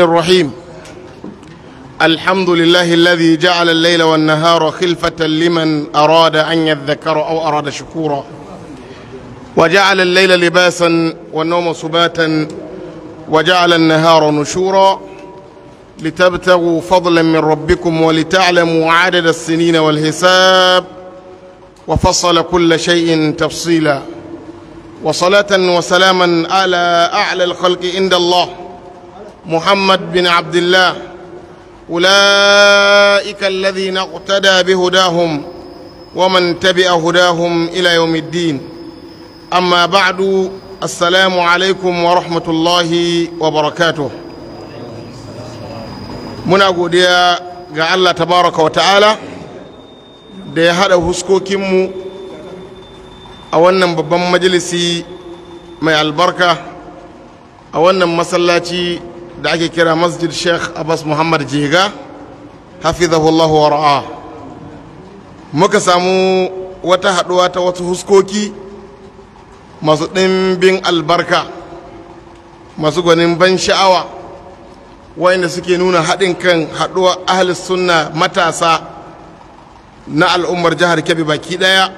الرحيم الحمد لله الذي جعل الليل والنهار خلفة لمن أراد أن يذكر أو أراد شكورا وجعل الليل لباسا والنوم سباتا وجعل النهار نشورا لتبتغوا فضلا من ربكم ولتعلموا عدد السنين والحساب وفصل كل شيء تفصيلا وصلاة وسلاما على أعلى الخلق عند الله محمد بن عبد الله أولئك الذين اقتدى بهداهم ومن تبع هداهم إلى يوم الدين أما بعد السلام عليكم ورحمة الله وبركاته muna godiya ga Allah tabaraka da ya haɗa huskokinmu a wannan babban majalisi mai albarka a wannan masallaci da ake kira masjid sheikh abbas muhammad jega hafizahullahu wa ra'a muka samu wata haɗuwa ta wasu huskoki masu ɗimbin albarka masu gwanin ban sha'awa wayanda suke nuna haɗin kan haɗuwa ahli sunna matasa na al'ummar jihar kebbi baki ɗaya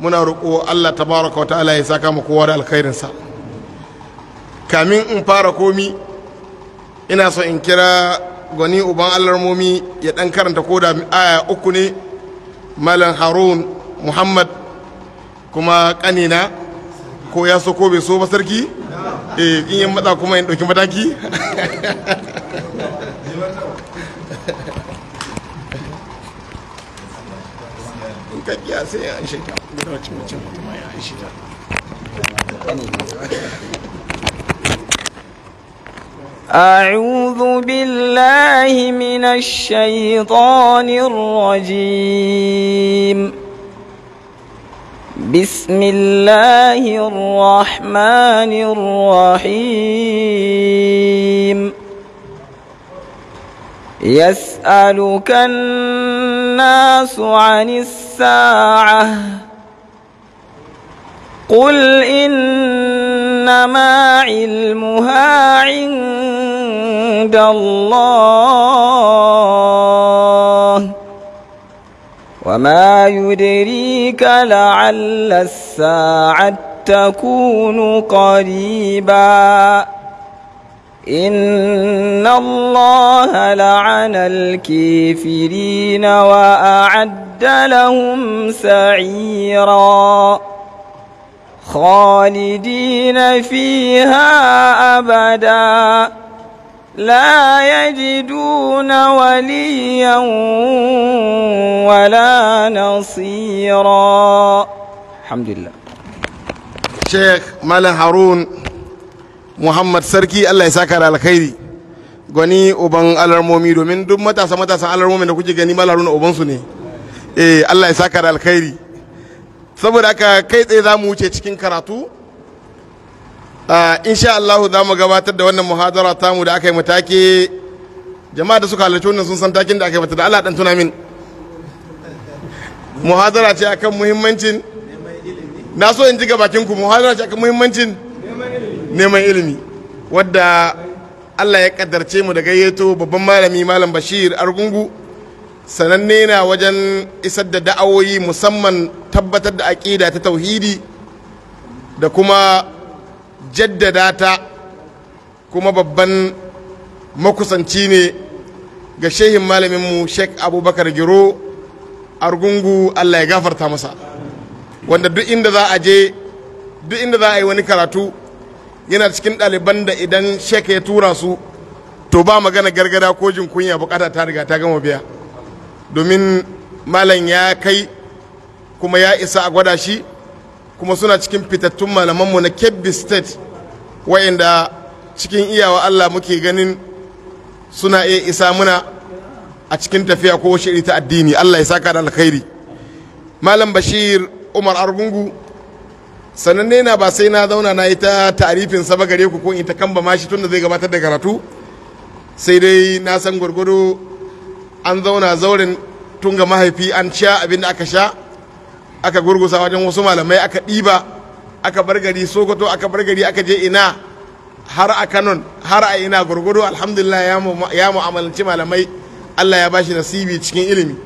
muna roƙo allah tabaraka wa ta'ala ya saka mu kowa da alkhairinsa kamin in fara komi ina so in kira gwani uban alarmomi ya dan karanta ko da aya uku ne malam harun muhammad kuma kanina ko ya so ko bai so ba sarki eh in yi matsa kuma in ɗauki mataki sai أعوذ بالله من الشيطان الرجيم بسم الله الرحمن الرحيم يسألك الناس عن الساعة قل إن إنما علمها عند الله وما يدريك لعل الساعة تكون قريبا إن الله لعن الكافرين وأعد لهم سعيراً خالدين فيها أبدا لا يجدون وليا ولا نصيرا الحمد لله شيخ مال هارون محمد سركي الله يسكر على خيري gwani uban alarmomi domin duk matasa matasan alarmomi da kuke gani malarun su ne eh Allah ya saka da alkhairi saboda haka kai tsaye za mu wuce cikin karatu ah, insha Allah za mu gabatar da wannan muhadara tamu da aka yi matake jama'a da suka halarci wannan sun san takin da aka yi mata da Allah dan tuna min muhadara ce akan muhimmancin na so in ji ga bakin ku muhadara ce akan muhimmancin neman ilimi wadda Allah ya kaddarce mu da gayyato babban malami malam Bashir Argungu sananne na wajen isar da da'awoyi musamman tabbatar da aƙida ta tauhidi da kuma jaddada ta kuma babban makusanci ne ga shehin malaminmu shek abubakar giro argungu allah ya gafarta masa wanda duk inda za a je duk inda za a yi wani karatu yana cikin ɗaliban da idan shek ya tura su to ba magana gargada ko jin kunya bukata ta riga ta gama biya domin malam ya kai kuma ya isa a gwada shi kuma suna cikin fitattun malamanmu na kebbi state wa'inda cikin iyawa allah muke ganin suna iya isa muna a cikin tafiya ko shiri ta addini allah ya saka da alkhairi malam bashir umar argungu sananne na ba sai na zauna na yi ta tarifin ba gare ku ko in ta kamba mashi tun da zai gabatar da karatu sai dai na san gwargwado an zauna zauren tun ga mahaifi an sha abin da aka sha aka gurgusa wajen wasu malamai aka ɗiba aka bar gari sokoto aka bar gari aka je ina har a kanon har a ina gurgudu alhamdulillah ya mu'amalanci malamai allah ya bashi nasibi cikin ilimi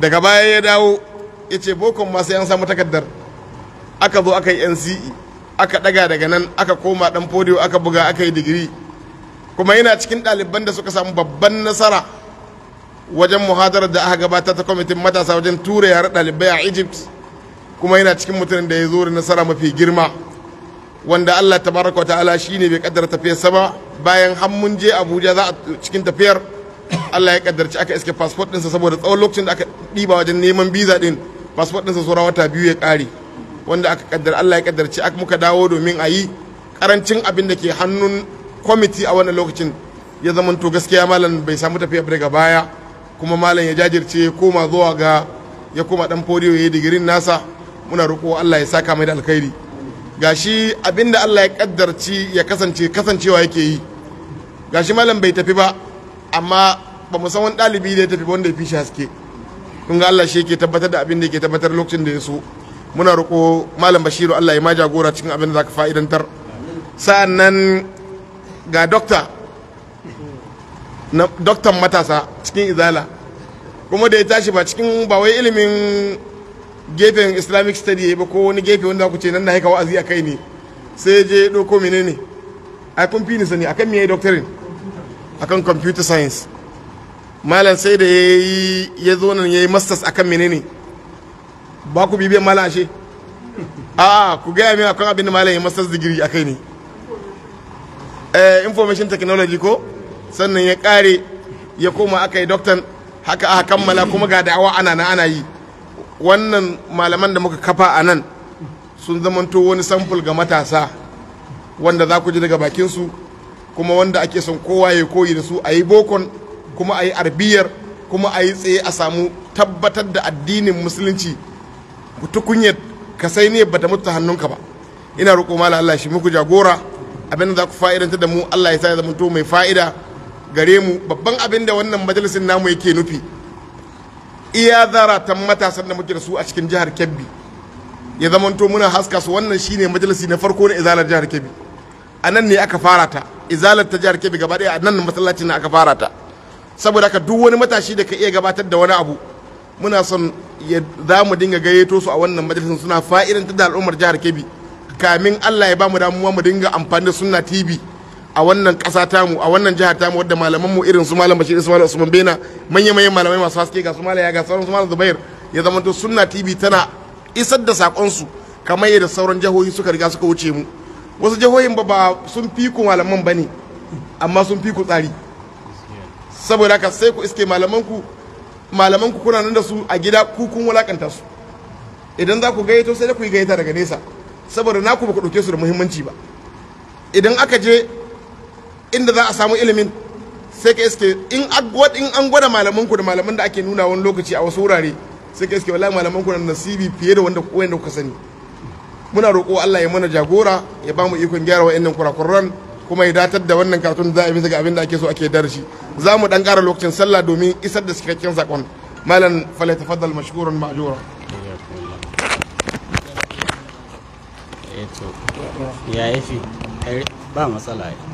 daga baya ya dawo ya ce bokon masu yan samu takardar aka zo aka yi nce aka daga daga nan aka koma dan fodiyo aka buga aka yi digiri kuma yana cikin ɗaliban da suka samu babban nasara wajen muhadarar da aka gabata ta kwamitin matasa wajen tura yare ɗalibai a egypt kuma yana cikin mutumin da ya zo da nasara mafi girma wanda allah ta tabaraka wa shi ne bai kaddara tafiyarsa ba bayan hannun je abuja za a cikin tafiyar allah ya kaddarci aka iske fasfot ɗinsa saboda tsawon lokacin da aka ɗiba wajen neman biza din fasfot ɗinsa saura wata biyu ya ƙare wanda aka kaddara allah ya kaddarci aka muka dawo domin a yi karancin abin da ke hannun kwamiti a wannan lokacin ya zamanto gaskiya malam bai samu tafiya daga baya kuma malam ya jajirce ya koma zuwa ga ya koma dan fodiyo ya yi digirin nasa muna roƙo Allah ya saka mai da alkhairi gashi abinda Allah ya kaddarci ya kasance kasancewa yake yi gashi malam bai tafi ba amma ba mu san wani ɗalibi da ya tafi wanda ya fi haske kun ga Allah shi yake tabbatar da abin da yake tabbatar lokacin da ya so muna roƙo malam Bashiru Allah ya ma jagora cikin abin da zaka fa'idantar sa'annan ga dokta na doktan matasa cikin izala kuma da ya tashi ba cikin ba wai ilimin gefen islamic study ba ko wani gefe wanda ku ce nan na haika wa'azi a kai ne sai je ɗauko menene a kun fi ni sani akan me doctorin akan computer science malam sai da yayi ya zo nan yayi masters akan menene ba ku bibiyar malam ashe a ku gaya min akan abin da malam ya masters degree kai ne eh, information technology ko sannan ya kare ya koma aka yi doktan haka aka kammala kuma ga da'awa ana na ana yi wannan malaman da muka kafa a nan sun zamanto wani samfil ga matasa wanda za ku ji daga bakinsu kuma wanda ake son kowa ya koyi da su a yi bokon kuma a yi arbiyar kuma a yi tsaye a samu tabbatar da addinin musulunci tukunyar ka sai ne bata mutu hannunka ba ina roƙo mala Allah shi muku jagora abin da za ku fa'idanta da mu Allah ya sa ya zama mai fa'ida gare mu babban abin da wannan majalisin namu yake nufi iya zaratan matasan da muke da su a cikin jihar kebbi ya zamanto muna haska su wannan shine majalisi na farko na izalar jihar kebbi a nan ne aka fara ta izalar ta jihar kebbi gaba daya a nan masallacin aka fara ta saboda ka duk wani matashi da ka iya gabatar da wani abu muna son za mu dinga gayyato su a wannan majalisin suna fa'idanta da al'ummar jihar kebbi kamin allah ya ba mu damuwa mu dinga amfani da sunna tv a wannan ƙasa tamu a wannan jihar tamu wadda malaman mu irin su malam Bashir Ismail Usman Bena manya manyan malamai masu haske ga su malaya ga sauran su malam Zubair ya zama to Sunna TV tana isar da sakon su kamar yadda sauran jihohi suka riga suka wuce mu wasu jihohin ba ba sun fi ku malaman bane amma sun fi ku tsari saboda ka sai ku iske malaman ku malaman ku kuna nan da su a gida ku kun wulakanta su idan za ku gayyato sai da ku yi gayyata daga nesa saboda naku ba ku dauke su da muhimmanci ba idan aka je inda za a samu ilimin sai ka iske in an gwada malaman ku da malaman da ake nuna wani lokaci a wasu wurare sai ka iske wallahi malaman ku na nasibi fiye da wanda wanda ku sani muna roƙo Allah ya mana jagora ya ba mu ikon gyara wa'annan kurakuran kuma ya datar da wannan karatun za a bisa ga abin da ake so ake dar shi za mu dan ƙara lokacin sallah domin isar da cikakken zakon malam falai tafaddal mashkurun ma'jura eh ya yafi ba matsala ya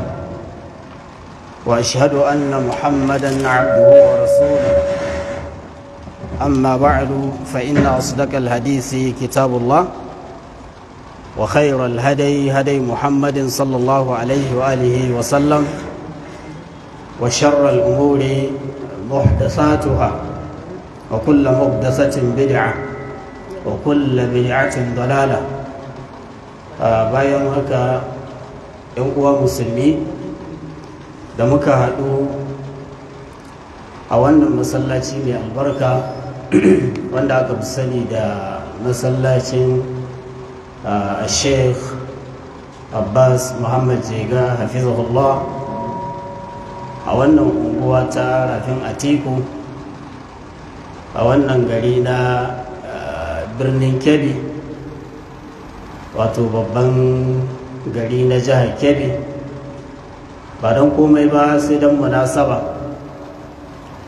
واشهد ان محمدا عبده ورسوله اما بعد فان اصدق الحديث كتاب الله وخير الهدي هدي محمد صلى الله عليه واله وسلم وشر الامور محدثاتها وكل محدثه بدعه وكل بدعه ضلاله باين هكا يوم مسلمين da muka haɗu a wannan masallaci mai albarka wanda aka fi sani da masallacin sheikh abbas muhammad jega hafizahullah a wannan unguwa ta rafin atiku a wannan gari na birnin kebbi wato babban gari na jihar kebbi ba don komai ba sai don munasaba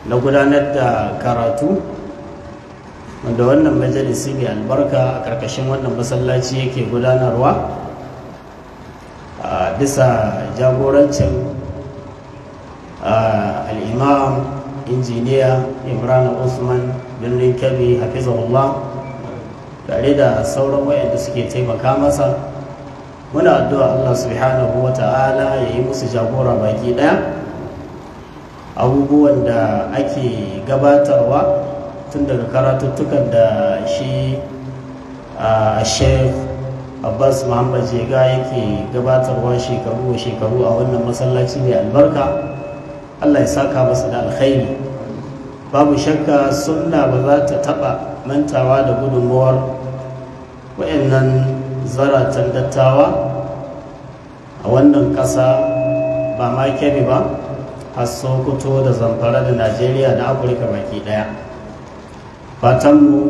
na gudanar da karatu wanda wannan majalisi mai albarka a ƙarƙashin wannan masallaci yake gudanarwa a bisa jagorancin al'imam injiniya imran usman birnin kebbi hafizahullah tare da sauran wayanda suke taimaka masa muna addu'a Allah subhanahu wa ta'ala ya yi musu jagora baki ɗaya abubuwan da ake gabatarwa tun daga karatuttukan da shi a shef abbas muhammad jega yake gabatarwa shekaru shekaru a wannan masallaci mai albarka allah ya saka masa da alkhairi babu shakka sunna ba za ta taɓa mantawa da gudunmuwar waɗannan zaratan dattawa a wannan ƙasa ba ma kebe ba a sokoto da zamfara da najeriya da afirka baki ɗaya fatanmu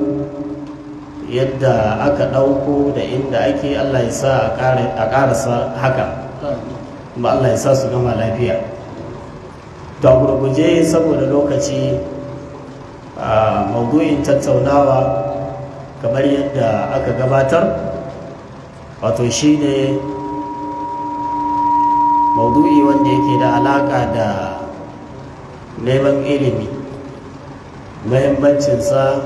yadda aka ɗauko da inda ake allah ya sa a ƙarasa haka ba allah ya sa su gama lafiya Ta gurguje saboda lokaci a maudu'in tattaunawa kamar yadda aka gabatar wato shi ne maudu'i wanda yake da alaƙa da neman ilimi mahimmancinsa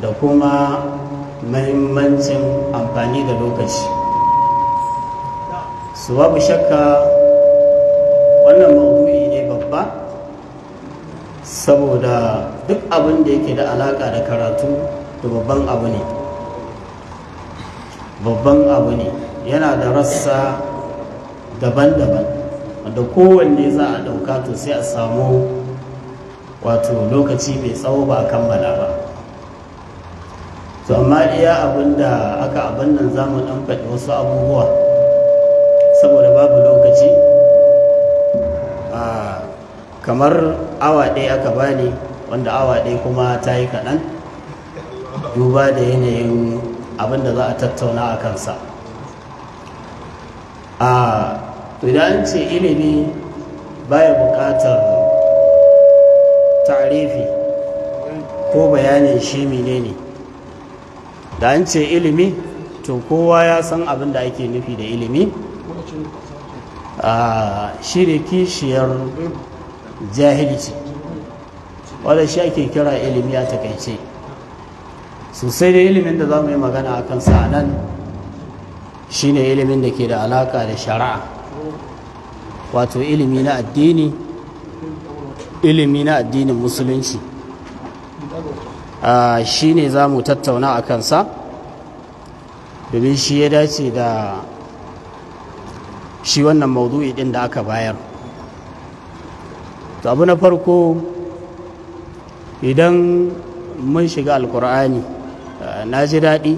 da kuma mahimmancin amfani da lokaci su babu shakka wannan maudu'i ne babba saboda duk abin da yake da alaƙa da karatu da babban abu ne babban abu ne yana da rassa daban-daban wanda kowanne za a ɗauka to sai a samu wato lokaci mai tsawo ba a kammala ba to amma iya abin da aka abin nan za mu ɗan faɗi wasu abubuwa saboda babu lokaci kamar awa ɗaya aka bani wanda awa ɗaya kuma ta yi kaɗan duba da yanayin abin da za a tattauna a kansa to idan ce ilimi baya bukatar tarifi ko bayanin shi menene da an ce ilimi to kowa ya san abin da ake nufi da ilimi a shirya kishiyar jahilci wadda shi ake kira ilimi a takaice sosai da ilimin da za mu yi magana a kansa nan ne ilimin da ke da alaka da shari'a wato ilimi na addini ilimi na addinin musulunci shi ne za mu tattauna a kansa domin shi ya dace da shi wannan maudu'i ɗin da aka bayar to abu na farko idan mun shiga alkur'ani eh, na ji daɗi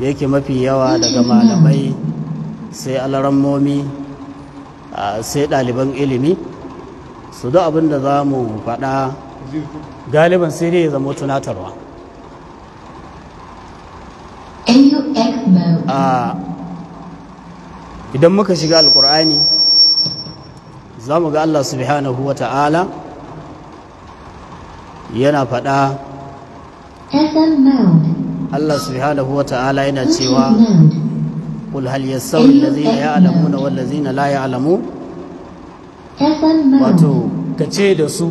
yake mafi yawa daga malamai sai alarammomi sai ɗaliban ilimi su da abin da za mu faɗa galiban sai dai ya zama tunatarwa idan muka shiga alkur'ani za mu ga allah subhanahu wa ta'ala yana faɗa allah subhanahu wa ta'ala yana cewa قل هل يستوي الذين يعلمون والذين لا يعلمون wato ka ce da su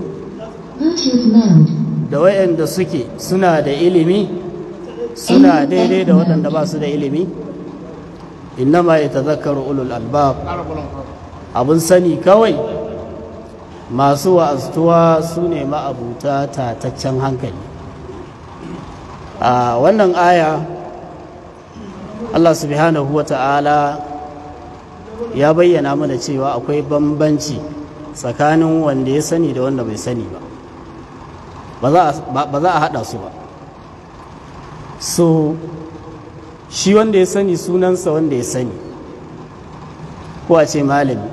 da waɗanda suke suna da ilimi suna daidai da waɗanda ba su da ilimi innama ya zakar ulul albab abin sani kawai masu wa'aztuwa su ne ma'abuta tataccen hankali a wannan aya Allah subhanahu wa ta'ala ya bayyana mana cewa akwai bambanci tsakanin wanda ya sani da wanda bai sani ba ba za a haɗa su ba so shi wanda ya sani sunansa wanda ya sani ko a ce malami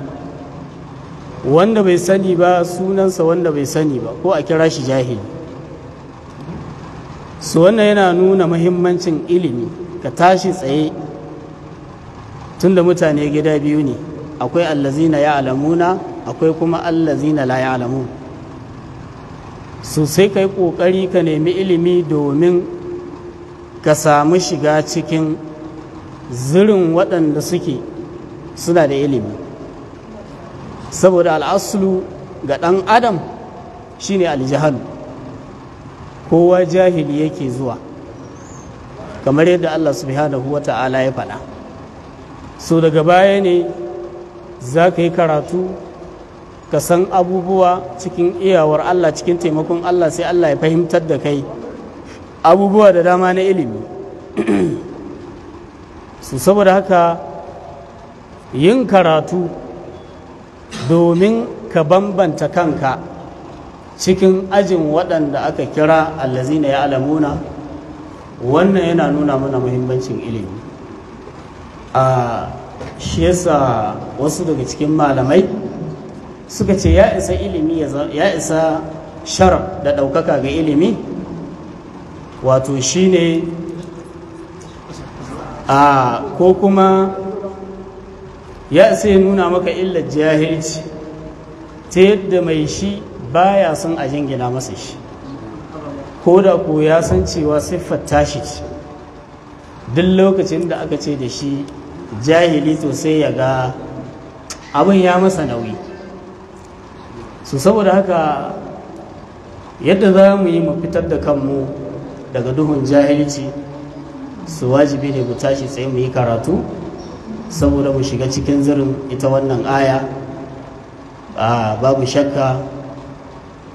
wanda bai sani ba sunansa wanda bai sani ba ko a kira shi jahili su wannan yana nuna mahimmancin ilimi ka tashi tsaye tun da mutane gida biyu ne akwai allazina ya alamuna akwai kuma allazina la ya alamu sosai ka yi ƙoƙari ka nemi ilimi domin ka samu shiga cikin zirin waɗanda suke suna da ilimi saboda al'asulu ga ɗan adam shine aljahalu. kowa jahili yake zuwa kamar yadda Allah subhanahu wa ta'ala ya faɗa so daga baya ne za ka yi karatu ka san abubuwa cikin iyawar Allah cikin taimakon Allah sai Allah ya fahimtar da kai abubuwa da dama na ilimi su saboda haka yin karatu domin ka bambanta kanka cikin ajin waɗanda aka kira allazina ya alamuna wannan yana nuna mana mahimmancin ilimi a shi yasa wasu daga cikin malamai suka ce ya isa ilimi ya isa sharaf da ɗaukaka ga ilimi wato ne a ko kuma ya isa ya nuna maka illar jahilci ta yadda mai shi baya son a jingina masa shi ko da ku ya san cewa siffar tashi duk lokacin da aka ce da shi jahili to sai ya ga abin ya masa nauyi su saboda haka yadda za mu yi mu fitar da kanmu daga duhun jahilci su wajibi ne mu tashi sai mu yi karatu saboda mu shiga cikin zirin ita wannan aya ah, babu shakka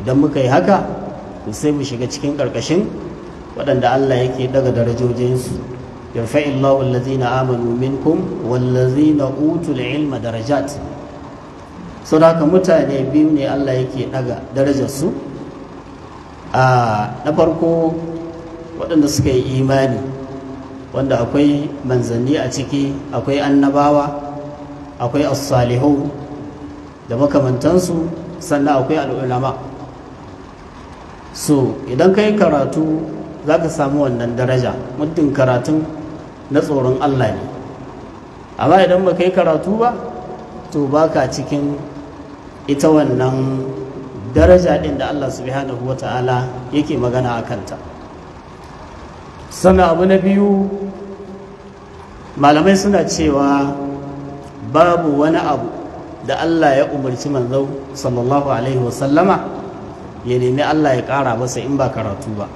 idan muka yi haka to sai mu shiga cikin ƙarƙashin waɗanda Allah yake daga darajojinsu yarfa'i Allahu allazina amanu minkum wallazina utul ilma darajat saboda mutane biyu ne Allah yake daga darajarsu a na farko waɗanda suka yi imani wanda akwai manzanni a ciki akwai annabawa akwai as salihu da makamantansu sannan akwai al'ulama so idan ka yi karatu za ka samu wannan daraja muddin karatun na tsoron allah ne amma idan ba ka yi karatu ba to ba ka cikin ita wannan daraja ɗin da allah subhanahu wa ta'ala yake magana a kanta sannan abu na biyu malamai suna cewa babu wani abu da allah ya umarci manzau sallallahu alaihi wasallama ya nemi Allah ya ƙara masa in ba karatu ba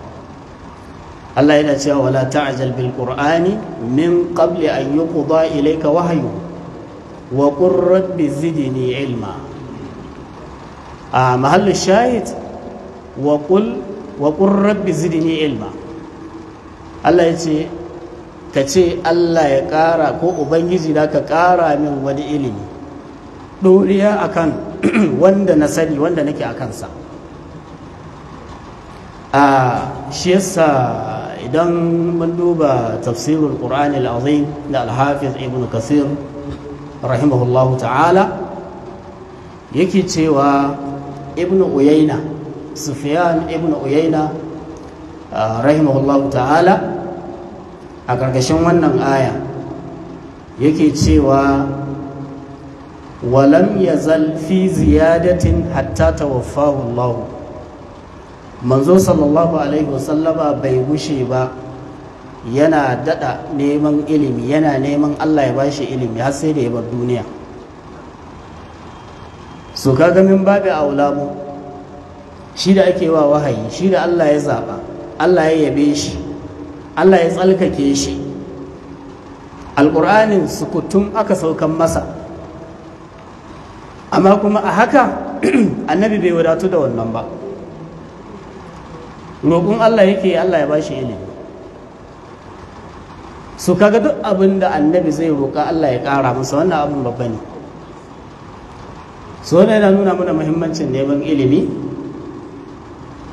Allah yana cewa wala ta'jal bil qur'ani min qabli an yuqda ilayka wahyu wa qur rabbi zidni ilma a mahallu shahid wa qul wa qur rabbi zidni ilma Allah ya ce ka ce Allah ya ƙara ko ubangiji da ka ƙara min wani ilimi ɗoriya akan wanda na sani wanda nake a kansa a shi yasa idan mun duba tafsirul qur'an al-azim da alhafiz hafiz ibn kasir rahimahullahu ta'ala yake cewa ibn uyaina Sufiyan ibn uyaina rahimahullahu ta'ala a ƙarƙashin wannan aya yake cewa walam ya zalfi ziyadatin hatta tawaffahu Allahu manzo sallallahu alaihi wasallama bai gushe ba yana dada neman ilimi yana neman Allah ya bashi ilimi har sai da ya bar duniya so kaga min babu aulabu shi da ake wa wahayi shi da Allah ya zaba Allah ya yabe shi Allah ya tsalkake shi alƙur'anin sukutun aka saukan masa amma kuma a haka annabi bai wadatu da wannan ba roƙon Allah yake Allah ya ba bashi ilimi su kaga duk abin da annabi zai roƙa Allah ya ƙara masa wannan abin babba ne Su ne yana nuna mana muhimmancin neman ilimi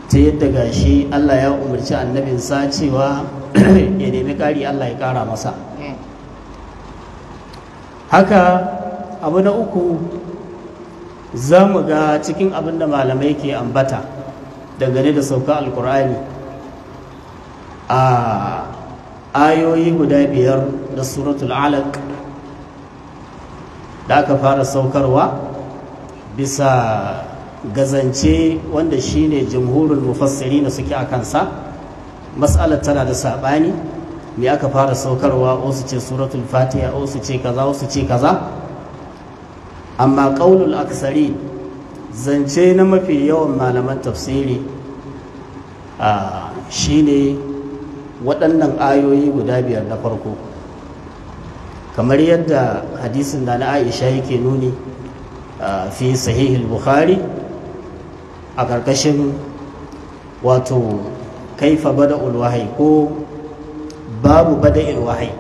ta yadda gashi Allah ya umarci annabin sa cewa ya nemi ƙari Allah ya ƙara masa haka abu na uku za mu ga cikin abin da malamai ke ambata dangane da sauka alkur'ani a ayoyi guda biyar na suratul alaq da aka fara saukarwa bisa gazance wanda shine jamhurin mufassiri na suke a kansa matsalar tana da saɓani me aka fara saukarwa wasu ce suratul fatiha wasu ce kaza wasu ce kaza amma ƙaunul aksari zance na mafi yawan malaman tafsiri shine waɗannan ayoyi guda biyar na farko kamar yadda hadisin da na aisha yake nuni fi sahihul bukhari a ƙarƙashin wato kaifa bada wahai ko babu bada wahai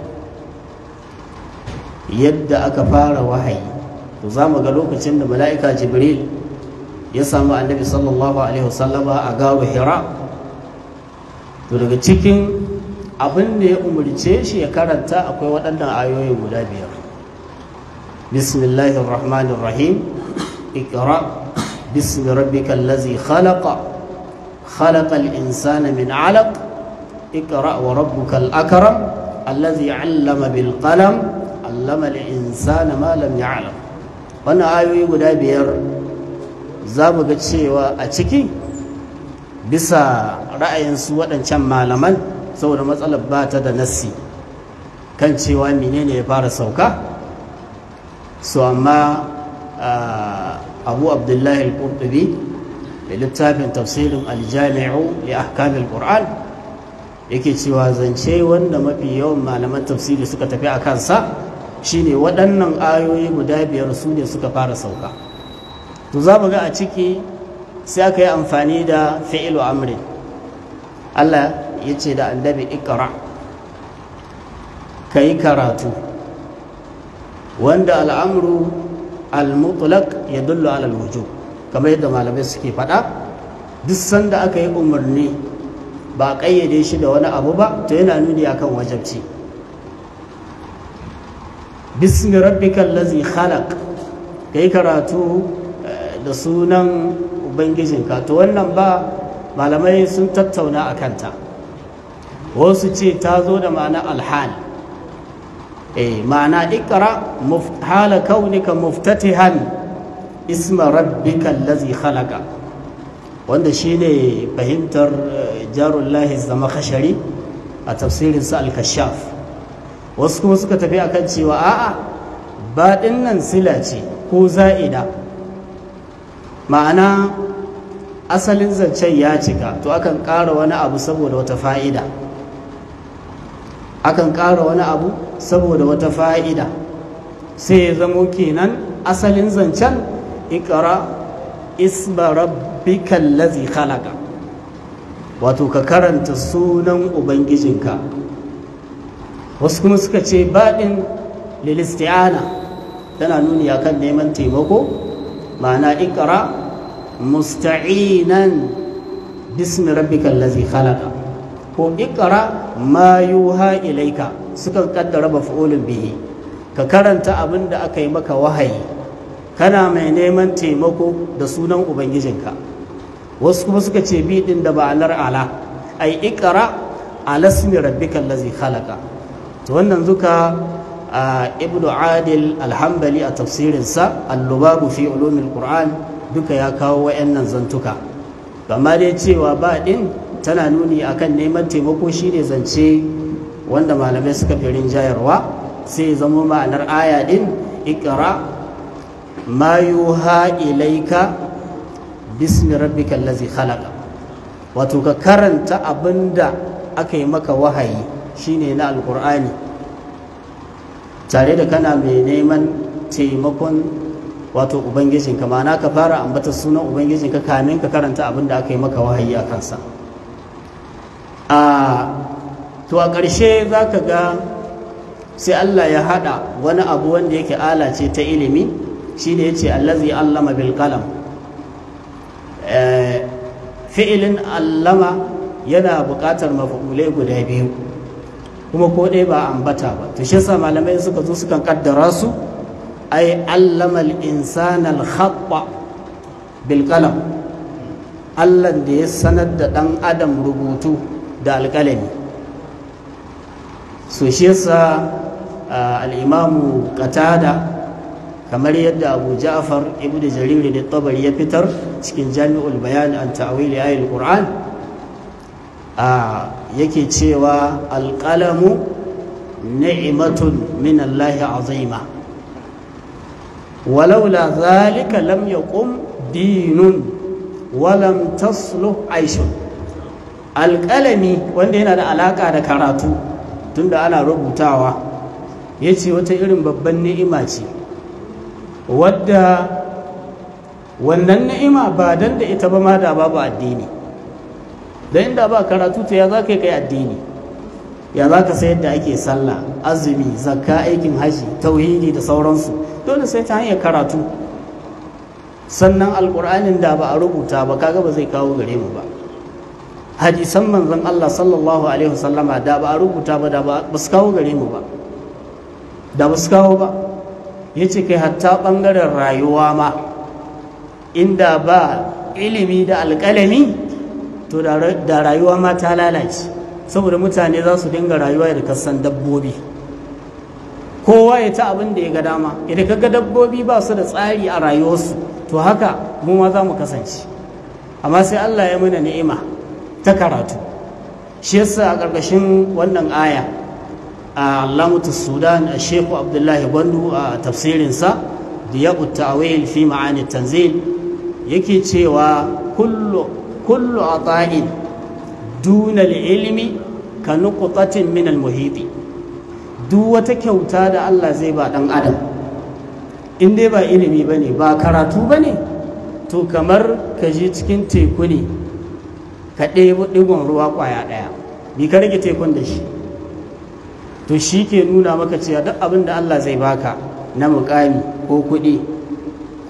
yadda aka fara wahayi to za mu ga lokacin da mala'ika jibril ya samu annabi sallallahu alaihi wasallama a gawo hira to daga cikin abin da ya umarce shi ya karanta akwai waɗannan ayoyi guda biyar bismillahir rahmanir rahim ikra bismi rabbikal ladzi khalaqa khalaqal insana min 'alaq ikra wa rabbukal akram alladhi 'allama bil qalam 'allama al insana ma lam ya'lam wannan ayoyi guda biyar za mu ga cewa a ciki bisa ra'ayinsu waɗancan malaman saboda matsalar ba ta da nassi kan cewa menene ya fara sauka su amma abu abdullahi al-qurtubi da littafin tafsirin aljami'u li ahkamil qur'an yake cewa zance wanda mafi yawan malaman tafsiri suka tafi a kansa shine waɗannan ayoyi guda biyar su ne suka fara sauka to za mu ga a ciki sai aka yi amfani da fi'ilu amri. Allah ya ce da annabi ikra ka yi karatu wanda al'amru al-mutlaq ya dullo alal wujub kamar yadda malamai suke faɗa duk sanda aka yi umarni ba a ƙayyade shi da wani abu ba to yana nuni akan wajabci bismi rabbikal ladzi khalaq kai karatu da sunan ubangijinka to wannan ba malamai sun tattauna a kanta wasu ce ta zo da ma'ana alhali. eh ma'ana ikra hala kaunika muftatihan isma rabbika allazi khalaqa wanda shine fahimtar eh, zama kashari a tafsirin sa al wasu kuma suka tafi akan cewa a'a ba nan sila ce ko za'ida ma'ana asalin zancen ya cika to akan ƙara wani abu saboda wata fa'ida akan ƙara wani abu saboda wata fa'ida sai ya zamo kenan asalin zancen ikara isma rabbikal lazi khalaqa wato ka karanta sunan ubangijinka wasu kuma suka ce baɗin lilisti'ana tana nuni a kan neman taimako ma'ana ikra musta'inan bismi rabbikal ladzi khalaqa ko ikra ma yuha ilaika sukan kaddara maf'ulun bihi ka karanta abin da aka yi maka wahayi kana mai neman taimako da sunan ubangijinka wasu kuma suka ce bi din da ba'alar ala ai ikra ala ismi rabbikal ladzi khalaqa to wannan zuka ibnu adil alhambali a tafsirinsa allubabu fi ulumin qur'an duka ya kawo wa'annan zantuka amma dai cewa ba din tana nuni akan neman taimako shine zance wanda malamai suka fi rinjayarwa sai zamo ma'anar aya din ikra ma yuha ilaika bismi rabbikal ladzi khalaqa wato ka karanta abinda aka yi maka wahayi shine na alqur'ani tare da kana mai neman taimakon wato ubangijinka ma'ana ka fara ambata sunan Ubangijin Ka kamin ka karanta abin da aka yi maka wahayi a kansa a to a ƙarshe za ka ga sai Allah ya haɗa wani abu wanda yake ala ce ta ilimi shi ne ya ce allazi allama bil kalam e, fi'ilin allama yana buƙatar mafi'ulai guda biyu kuma ko ɗaya ba ambata ba to shi yasa malamai suka zo suka kaddara su ai allama al-insana al-khata bil qalam Allah da ya sanar da dan adam rubutu da alƙalami so shi yasa al-imamu qatada kamar yadda abu ja'far ibnu jarir da tabari ya fitar cikin jami'ul bayan an ta'wili ayatul qur'an yake cewa alƙalamu ni'matun min Allah azima walaula zalika lam yaqum dinun walam tasluh aishun alƙalami wanda yana da alaƙa da karatu tunda ana rubutawa ya ce wata irin babban ni'ima ce wadda wannan ni'ima ba dan da ita ba ma da babu addini Da inda ba karatu ta ya za ka yi addini ya za ka sayar da ake sallah azumi zakka aikin haji tauhidi da sauransu dole sai ta hanyar karatu sannan alƙur'anin da ba a rubuta ba kaga ba zai kawo gare mu ba hadisan manzon Allah sallallahu alaihi wasallama da ba a rubuta ba da ba su kawo gare mu ba da ba su kawo ba ya ce kai hatta ɓangaren rayuwa ma inda ba ilimi da alƙalami to da rayuwa ma ta lalace saboda mutane za su dinga rayuwa da kasan dabbobi kowa ya ta abin da ya ga dama idan ga dabbobi ba su da tsari a rayuwarsu to haka mu ma za mu kasance amma sai Allah ya mana ni'ima ta karatu shi yasa a ƙarƙashin wannan aya a lamutu sudan a sheku abdullahi gwandu a tafsirinsa da ya fi ma'ani tanzil yake cewa kullu kullu ata'in dunal ilimi ka nuqtatin min al muhiti duk wata kyauta da Allah zai ba ɗan adam in dai ba ilimi bane ba karatu bane to kamar ka je cikin teku ne ka ɗebo ɗigon ruwa ƙwaya ɗaya bi ka rage tekun da shi to shi ke nuna maka cewa duk abin da Allah zai baka na mukami ko kuɗi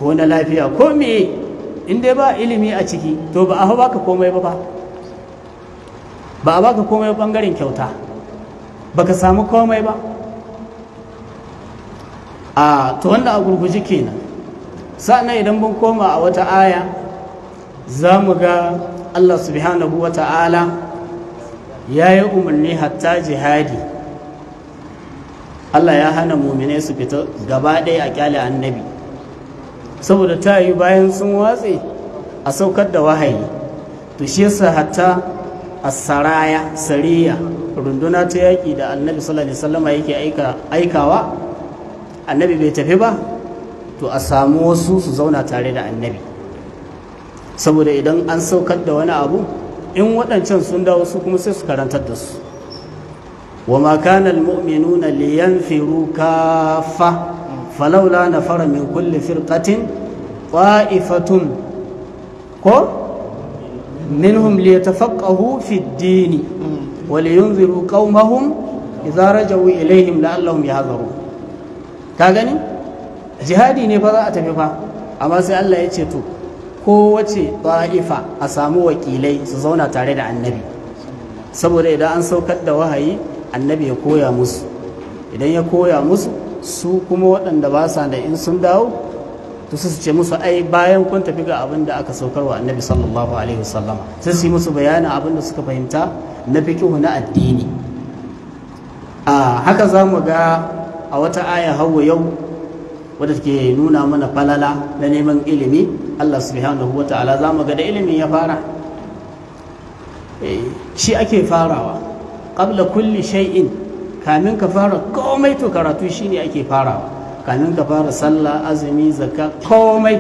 ko na lafiya ko me in dai ba ilimi a ciki to ba a baka komai ba ba a baka komai bangaren kyauta Ba ka samu komai ba a to wanda a gurguji kenan sa'annan idan mun koma a wata aya za mu ga Allah subhanahu wa ta'ala ya yi umarni hatta jihadi Allah ya hana mumine su fita gaba ɗaya a kyale annabi saboda ta yi bayan sun watse a saukar da wahayi to shi yasa hatta a saraya sariya runduna ta yaƙi da annabi sallallahu alaihi wasallam yake aikawa annabi bai tafi ba to a samu wasu su zauna tare da annabi saboda idan an saukar da wani abu in waɗancan sun dawo su kuma sai su karantar da su wa ma kana al-mu'minuna liyanfiru kafa falaula na fara min kulle firkatin ƙwa'ifatun ko minhum li yatafaqahu fi gani jihadi ne fa za a tafi fa amma sai Allah ya ce to kowace ta'ifa a samu wakilai su zauna tare da annabi saboda idan an saukar da wahayi annabi ya koya musu idan ya koya musu su kuma waɗanda ba sa da in sun dawo to su ce musu ai bayan kun tafi ga abin da aka saukar wa annabi sallallahu alaihi wasallam sai su yi musu bayanin abin da suka fahimta na fiqhu na addini a haka za mu ga a wata aya hawa yau wadda take nuna mana falala na neman ilimi Allah subhanahu wa ta'ala za mu ga da ilimin ya fara eh, shi ake farawa qabla kulli shay'in kamin ka fara komai to karatu shine ake farawa kamin ka fara sallah azumi zakka komai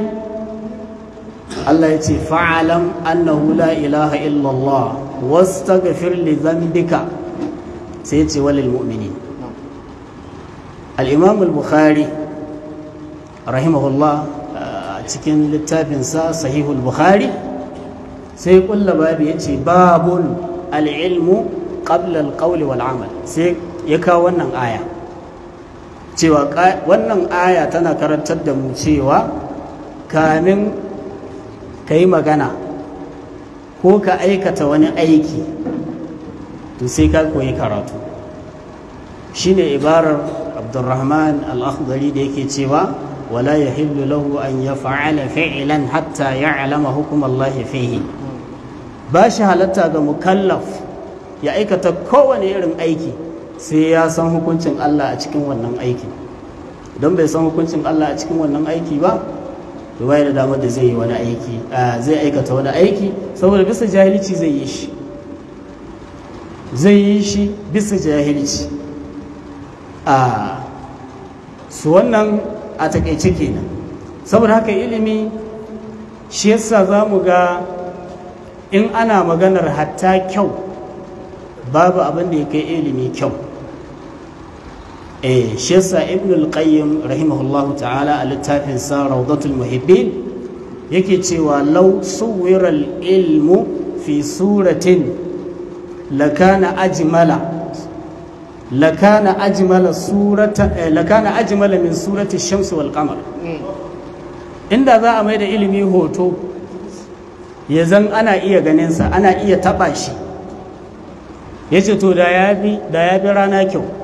Allah ya ce fa'alam annahu la ilaha illallah wastaghfir li dhanbika sai ya ce walil mu'minin al-imam al-bukhari rahimahullah cikin littafinsa sahihul bukhari sai kulla babu ya ce babun al-ilmu qabla al-qawli wal amal sai ya kawo wannan aya cewa wannan aya tana karantar da mu cewa kamin ka yi magana ko ka aikata wani aiki to sai ka koyi karatu Shi ne ibarar abdurrahman al-akhdari da yake cewa wala ya lahu an fa'ala fi'lan hatta ya alama hukumar fihi ba shi halatta ga mukallaf ya aikata kowane irin aiki sai ya san hukuncin Allah a cikin wannan aiki don bai san hukuncin Allah a cikin wannan aiki ba to bai da damar da zai yi wani aiki zai aikata wani aiki saboda bisa jahilci zai yi shi zai yi shi bisa jahilci a su wannan a takaice kenan saboda haka ilimi shi yasa za mu ga in ana maganar hatta kyau babu abin da ya kai ilimi kyau eh ibn al-qayyim rahimahullahu ta'ala a littafin sa rawdatul muhibbin yake cewa law suwira al-ilmu fi suratin lakana ajmala lakana ajmala surata eh, lakana ajmala min surati shams wal qamar hmm. inda za a mai da ilimi hoto ya ana iya ganin sa ana iya taba shi yace to da yafi da ya bi rana kyau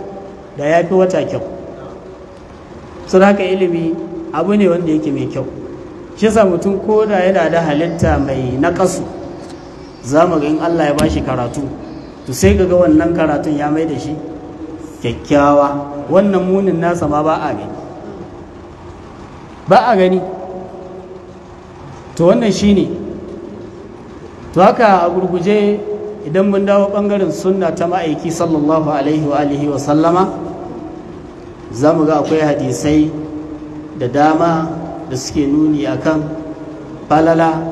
da ya fi wata kyau sun haka ilimi abu ne wanda yake mai kyau shi mutum ko da yana da halitta mai naƙasu za mu ga in allah ya bashi karatu to sai ga wannan karatun ya mai da shi kyakkyawa wannan munin nasa ma ba a gani ba a gani to wannan ne. to haka a gurguje idan mun dawo bangaren sunna ta ma'aiki sallallahu alaihi wa alihi wa sallama za mu ga akwai hadisai da dama da suke nuni akan falala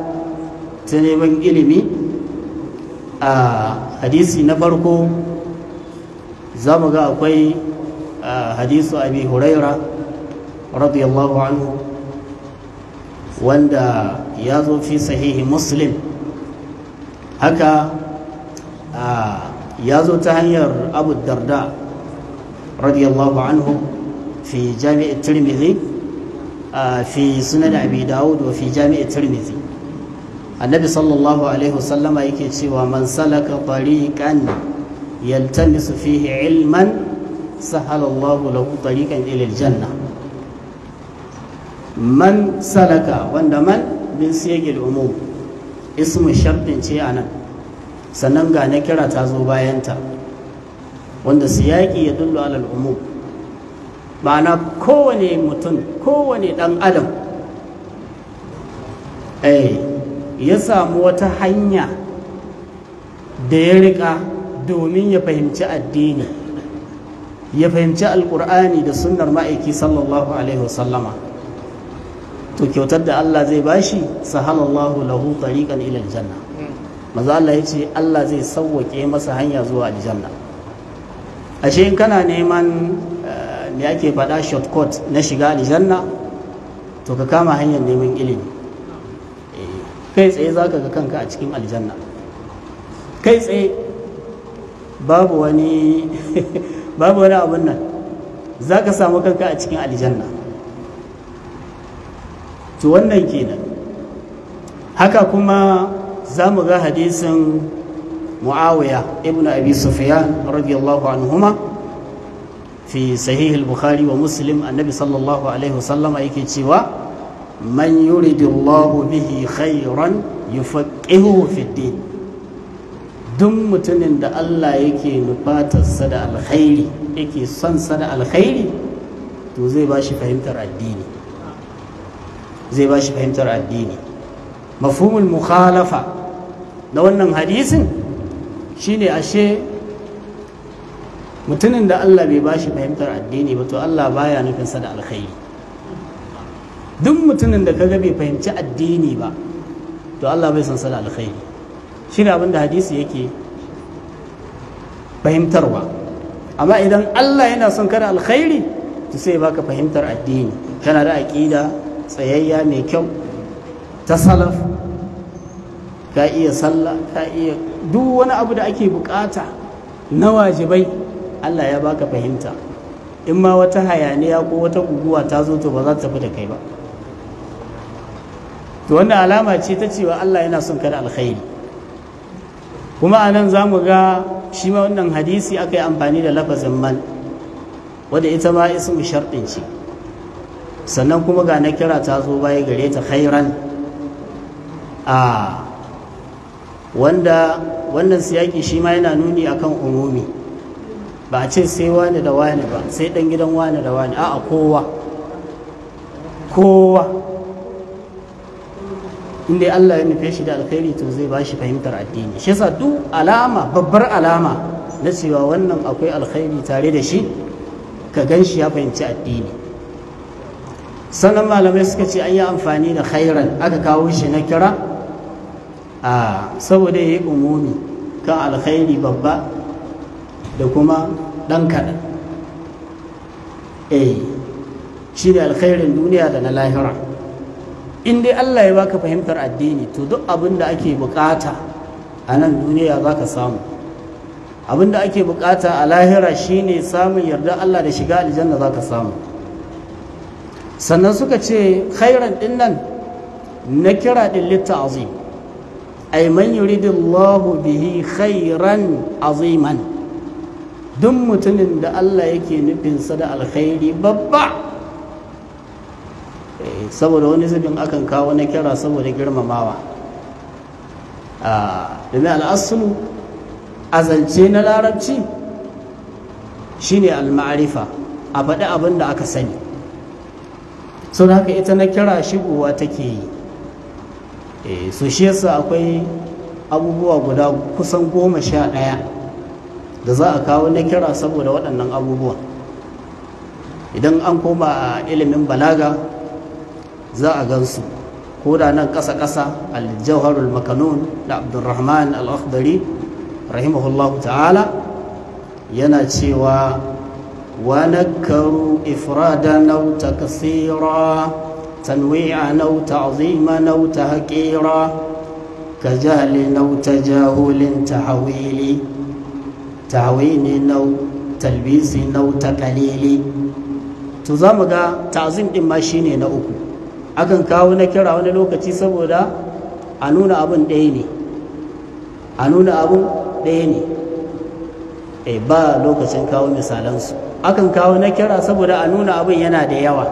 ta neman ilimi a hadisi na farko za mu ga akwai hadisu abi huraira radiyallahu anhu wanda ya zo fi sahihi muslim haka ya zo ta hanyar abu darda radiyallahu anhu fi jami'i tirmidhi fi sunan abi dawud wa fi jami'i tirmidhi annabi sallallahu alaihi wasallama yake cewa man salaka tariqan yaltamisu fihi ilman sahala Allahu lahu tariqan ila aljanna man salaka wanda man min siyagil umum ismu shartin ce anan sannan ga na kira ta zo bayanta wanda su yaƙi ya dullu alal umu ma'ana kowane mutum kowane ɗan adam eh, ya samu wata hanya da ya riƙa domin ya fahimci addini ya fahimci alƙur'ani da sunnar ma'aiki sallallahu alaihi wasallama to kyautar da allah zai bashi sahalallahu lahu tariqan ilal janna maza Allah ya ce Allah zai sauwake masa hanya zuwa aljanna ashe in kana neman eh, me ake faɗa shortcut na shiga aljanna to ka kama hanyar neman ilimi eh, kai tsaye za ka ga kanka a cikin aljanna kai tsaye babu wani babu wani abun nan za ka samu kanka a cikin aljanna to wannan kenan haka kuma za mu ga hadisin muawiya ibn abi sufyan radiyallahu anhuma fi sahih al-bukhari wa muslim annabi sallallahu alaihi wasallam yake cewa man yuridillahu bihi khairan yufaqihu fi din duk mutumin da Allah yake nufatarsa da alkhairi yake son sa da alkhairi to zai ba shi fahimtar addini zai ba shi fahimtar addini mafhumul mukhalafa na wannan hadisin shine ashe mutumin da Allah bai bashi fahimtar addini ba to Allah baya nufinsa da alkhairi duk mutumin da kaga bai fahimci addini ba to Allah bai san sa da alkhairi shine abin da hadisi yake fahimtarwa amma idan Allah yana son kada alkhairi to sai baka fahimtar addini kana da aqida tsayayya mai kyau ta salaf ka iya sallah ka iya duk wani abu da ake bukata na wajibai Allah ya baka fahimta in ma wata hayaniya ko wata guguwa ta zo to ba za ta tafi da kai ba to wannan alama ce ta cewa Allah yana son ka da alkhairi kuma a nan za mu ga shi ma wannan hadisi aka yi amfani da lafazin man wadda ita ma ismu sharɗin ce sannan kuma ga na kira ta zo baya gare ta khairan a wanda wannan siyaki shi ma yana nuni akan umumi ba a ce sai wani da wani ba sai dan gidan wani da wani a'a kowa kowa inda Allah ya nufe shi da alkhairi to zai ba shi fahimtar addini shi yasa duk alama babbar alama na cewa wannan akwai alkhairi tare da shi ka gan shi ya fahimci addini sannan malamai suka ce an yi amfani da khairan aka kawo shi na kira a saboda ya yi umumi kan alkhairi babba da kuma ɗan kaɗan eh shi ne alkhairin duniya da na lahira in dai allah ya baka fahimtar addini to duk abin da ake bukata a nan duniya za ka samu abin da ake bukata a lahira shine samun yarda allah da shiga aljanna za ka samu sannan suka ce khairan ɗin nan na kira ɗin litta azim ay man yuridillahu bihi khairan aziman duk mutumin da Allah yake nufinsa da alkhairi babba saboda wani zubin akan kawo na kira saboda girmamawa domin al'asulu azance na larabci shine al a faɗi abin da aka sani sun haka ita na kira shigowa take yi Eh, su shi yasa akwai abubuwa guda kusan goma sha ɗaya da za a kawo na kira saboda waɗannan abubuwa idan an koma a ilimin balaga za a gansu ko da nan ƙasa-ƙasa aljauharul makanun da abdulrahman al-akhdari rahimahullah ta'ala yana cewa wa nakaru ifradan takasira تنويعا أو تعظيما أو تهكيرا كجهل أو تجاهل تحويل تعوين أو تلبيس أو تقليل تزامغا تعظيم إما ماشيني نأكو akan kawo na kira wani lokaci saboda a nuna abin ɗaya ne a nuna abin ɗaya ne e ba lokacin kawo misalansu akan kawo na kira saboda a nuna abin yana da yawa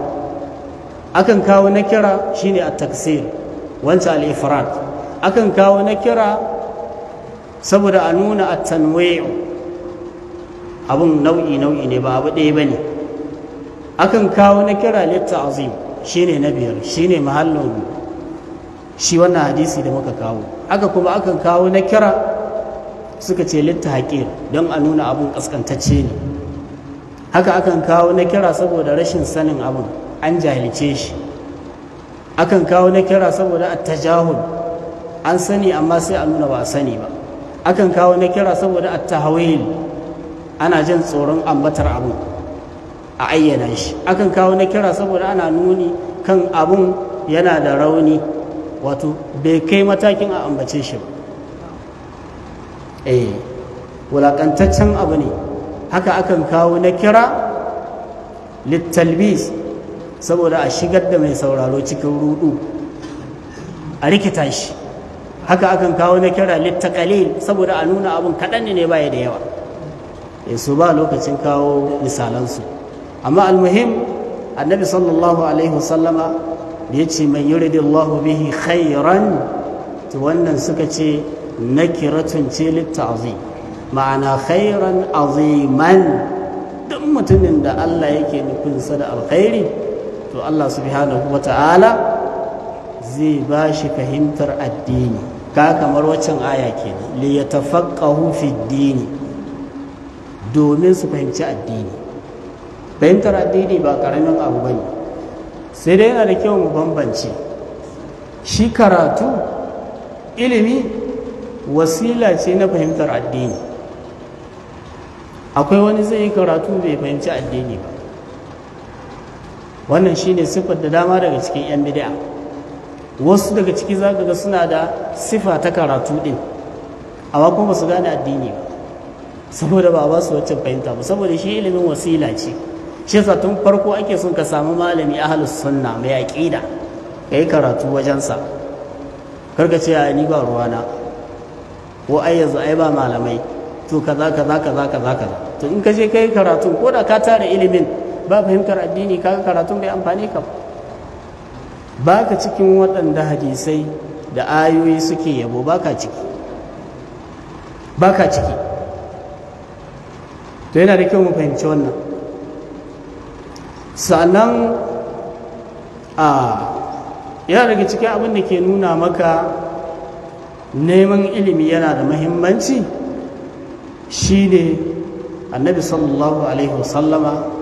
akan kawo na kira shine a taksir wancan al akan kawo na kira saboda a nuna a tanwi'u abin nau'i nau'i ne ba abu ɗaya ba ne akan kawo na kira litta azim shine na biyar shine mahallin shi wannan hadisi da muka kawo aka kuma akan kawo na kira suka ce litta haƙir don a nuna abin ƙasƙantacce ne haka akan kawo na kira saboda rashin sanin abin an jahilce shi akan kawo na kira saboda a tajahul an sani amma sai a nuna ba a sani ba akan kawo na kira saboda a tahawil ana jin tsoron ambatar abu a ayyana shi akan kawo na kira saboda ana nuni kan abun yana da rauni wato bai kai matakin a ambace shi ba eh wulakantaccen abu ne haka akan kawo na kira littalbis saboda a shigar da mai sauraro cikin rudu a rikita shi haka akan kawo na kira littakalil saboda a nuna abin kaɗan ne baya da yawa eh, su ba lokacin kawo misalansu amma almuhim annabi sallallahu alaihi wasallama da ya ce mai yuridillahu bihi khairan to wannan suka ce nakiratun ce litta'zim ma'ana khairan aziman duk mutumin da Allah yake nufinsa da alkhairi to Allah subhanahu wa ta'ala zai ba shi fahimtar addini ka kamar waccan aya kenan li yatafaqahu fi dini domin su fahimci addini fahimtar addini ba karamin abu bane sai dai yana da kyau mu bambance shi karatu ilimi wasila ce na fahimtar addini akwai wani zai yi karatu bai fahimci addini ba wannan shine sifar da dama daga cikin 'yan bid'a wasu daga ciki za ga suna da sifa ta karatu ɗin amma kuma su gane addini ba saboda ba ba su wacce fahimta ba saboda shi ilimin wasila ce shi yasa tun farko ake son ka samu malami ahlus sunna mai aqida kai karatu wajensa karka ce ai ni ba ruwana ko ai yanzu ai ba malamai to kaza kaza kaza kaza kaza to in ka je kai karatu ko da ka tare ilimin ba fahimtar addini kaga karatun bai amfane ka ba ka cikin waɗanda hadisai da ayoyi suke yabo ba ka ciki ba ka ciki to yana da kyau mu fahimci wannan sannan a yana daga cikin abin da ke nuna maka neman ilimi yana da mahimmanci shine annabi sallallahu alaihi wasallama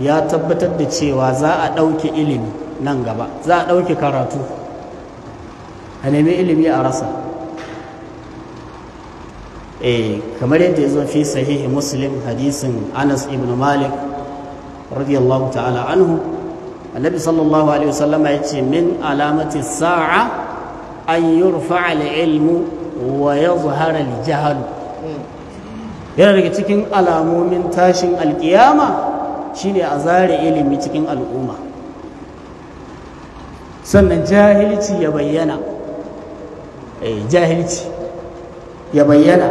ya tabbatar da cewa za a ɗauke ilimi nan gaba za a ɗauke karatu a nemi ilimi a rasa eh kamar yadda ya zo fi sahihi muslim hadisin anas ibn malik radiyallahu ta'ala anhu annabi sallallahu alaihi wasallama ya ce min alamati sa'a an yurfa al-ilmu wa yazhara al-jahl hmm. yana daga cikin alamomin tashin alkiyama shine a zare ilimi cikin al'umma sannan jahilci ya bayyana eh jahilci ya bayyana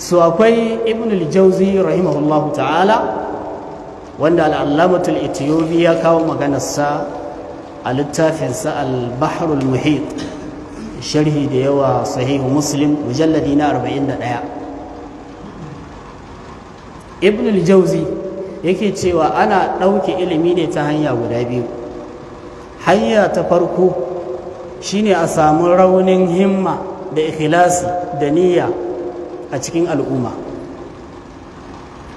su akwai ibn al-jauzi rahimahullahu ta'ala wanda al'allamatul ethiopi ya kawo maganarsa a littafinsa al-bahrul muhit sharhi da yawa sahihu muslim mujalladi na 41 ibnul jauzi yake cewa ana ɗauke ilimi ne ta hanya guda biyu hanya ta farko shine a samu raunin himma da ikhlasi da niyya a cikin al'umma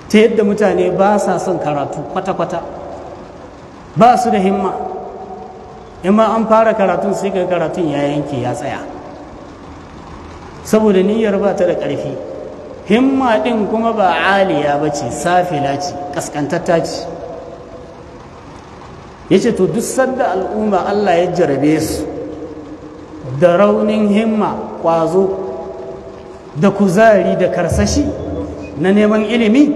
ta yadda mutane ba sa son karatu kwata-kwata ba su da himma in ma an fara karatun sai ga karatun ya yanke ya tsaya saboda niyyar ba ta da ƙarfi himma ɗin kuma ba aliya ba ce safila ce ƙasƙantatta ce ya ce to duk sanda al'umma allah ya jarabe su da raunin himma ƙwazo da kuzari da karsashi na neman ilimi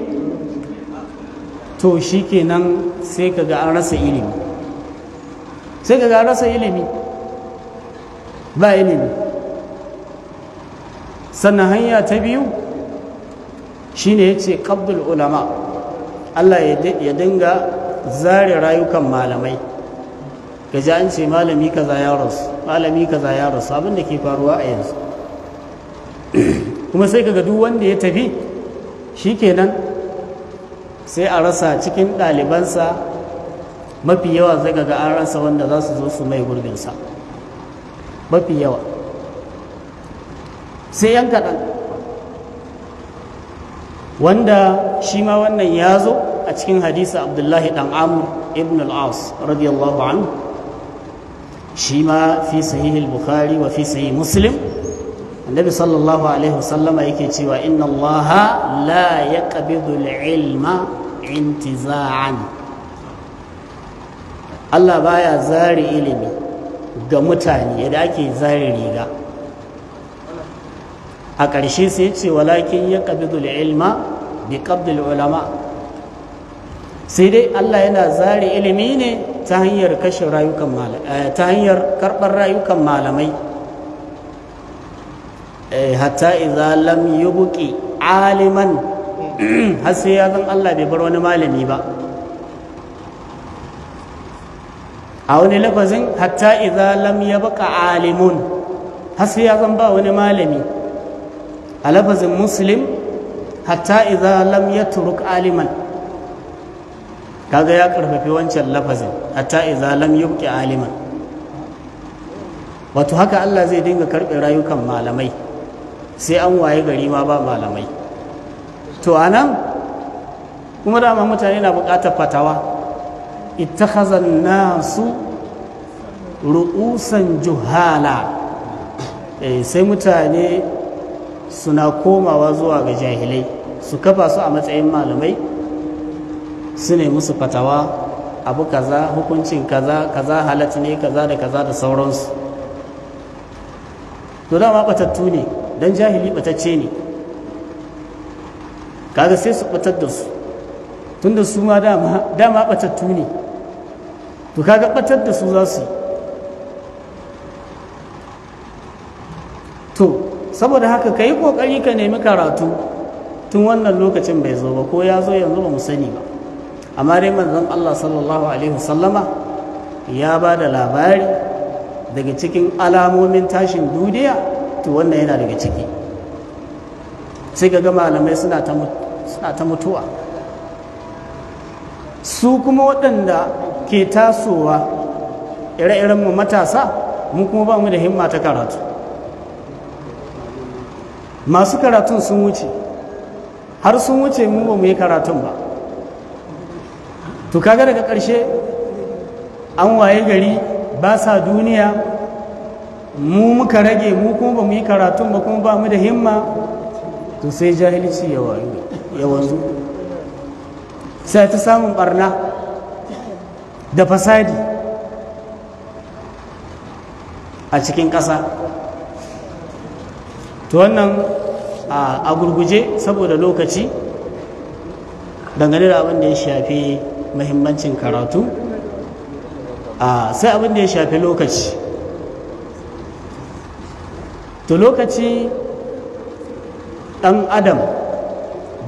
to shi kenan sai kaga an rasa ilimi sai kaga an rasa ilimi ba ilimi sannan hanya ta biyu Shi ya yace qabdul ulama Allah ya dinga zare rayukan malamai gaji an ce malami kaza ya rasu malami kaza ya rasu abin da ke faruwa a yanzu kuma sai kaga duk wanda ya tafi shi kenan sai a rasa cikin ɗalibansa mafi yawa zai ga an rasa wanda za su zo su mai gurbinsa mafi yawa sai yan kaɗan wanda shi ma wannan ya zo a cikin hadisi abdullahi dan amur ibn al-as radiyallahu anhu shi ma fi sahih al-bukhari wa fi sahih muslim annabi sallallahu alaihi wasallama yake cewa inna allaha la yaqbidu al-ilma intiza'an Allah baya zare ilimi ga mutane yadda ake zare riga a ƙarshe sai ce walakin ya ƙabidul ilma bi ƙabdul ulama sai dai Allah yana zari ilimi ne ta hanyar kashe rayukan eh, ta hanyar karɓar rayukan malamai eh, hatta idza lam yubqi aliman har sai ya zan Allah bai bar wani malami ba a wani lafazin hatta idza lam yabqa alimun har sai ya zan ba wani malami a lafazin muslim hatta idza lam yatruk aliman kaga ya karfafi wancan lafazin hatta idza lam yubqi aliman wato haka Allah zai dinga karɓe rayukan malamai sai an waye gari ma ba malamai to anan kuma dama mutane na buƙatar fatawa ittakhazan nasu ru'usan juhala eh, sai mutane suna komawa zuwa ga jahilai su kafa su a matsayin malamai su ne musu fatawa abu kaza hukuncin kaza kaza halatta ne kaza da kaza da sauransu to dama batattu ne don jahili batacce ne kaga sai su batar da su tunda su ma dama batattu ne to kaga batar da su za su yi saboda haka ka yi ƙoƙari ka nemi karatu tun wannan lokacin bai zo ba ko ya zo yanzu ba mu sani ba amma dai manzon Allah sallallahu alaihi wasallama ya ba da labari daga cikin alamomin tashin duniya to wannan yana daga ciki sai ga malamai suna ta mutuwa su kuma waɗanda ke tasowa ire-iren mu matasa mu kuma ba mu da himma ta karatu masu karatun sun wuce har sun wuce mu ba mu yi karatun ba to kaga daga ƙarshe an waye gari ba sa duniya mu muka rage mu kuma ba mu yi karatun ba kuma ba mu da himma to sai jahilci ya wanzu sai ta samun barna da fasadi a cikin ƙasa to wannan a gurguje saboda lokaci dangane da abin da ya shafi mahimmancin karatu sai abin da ya shafi lokaci to lokaci ɗan adam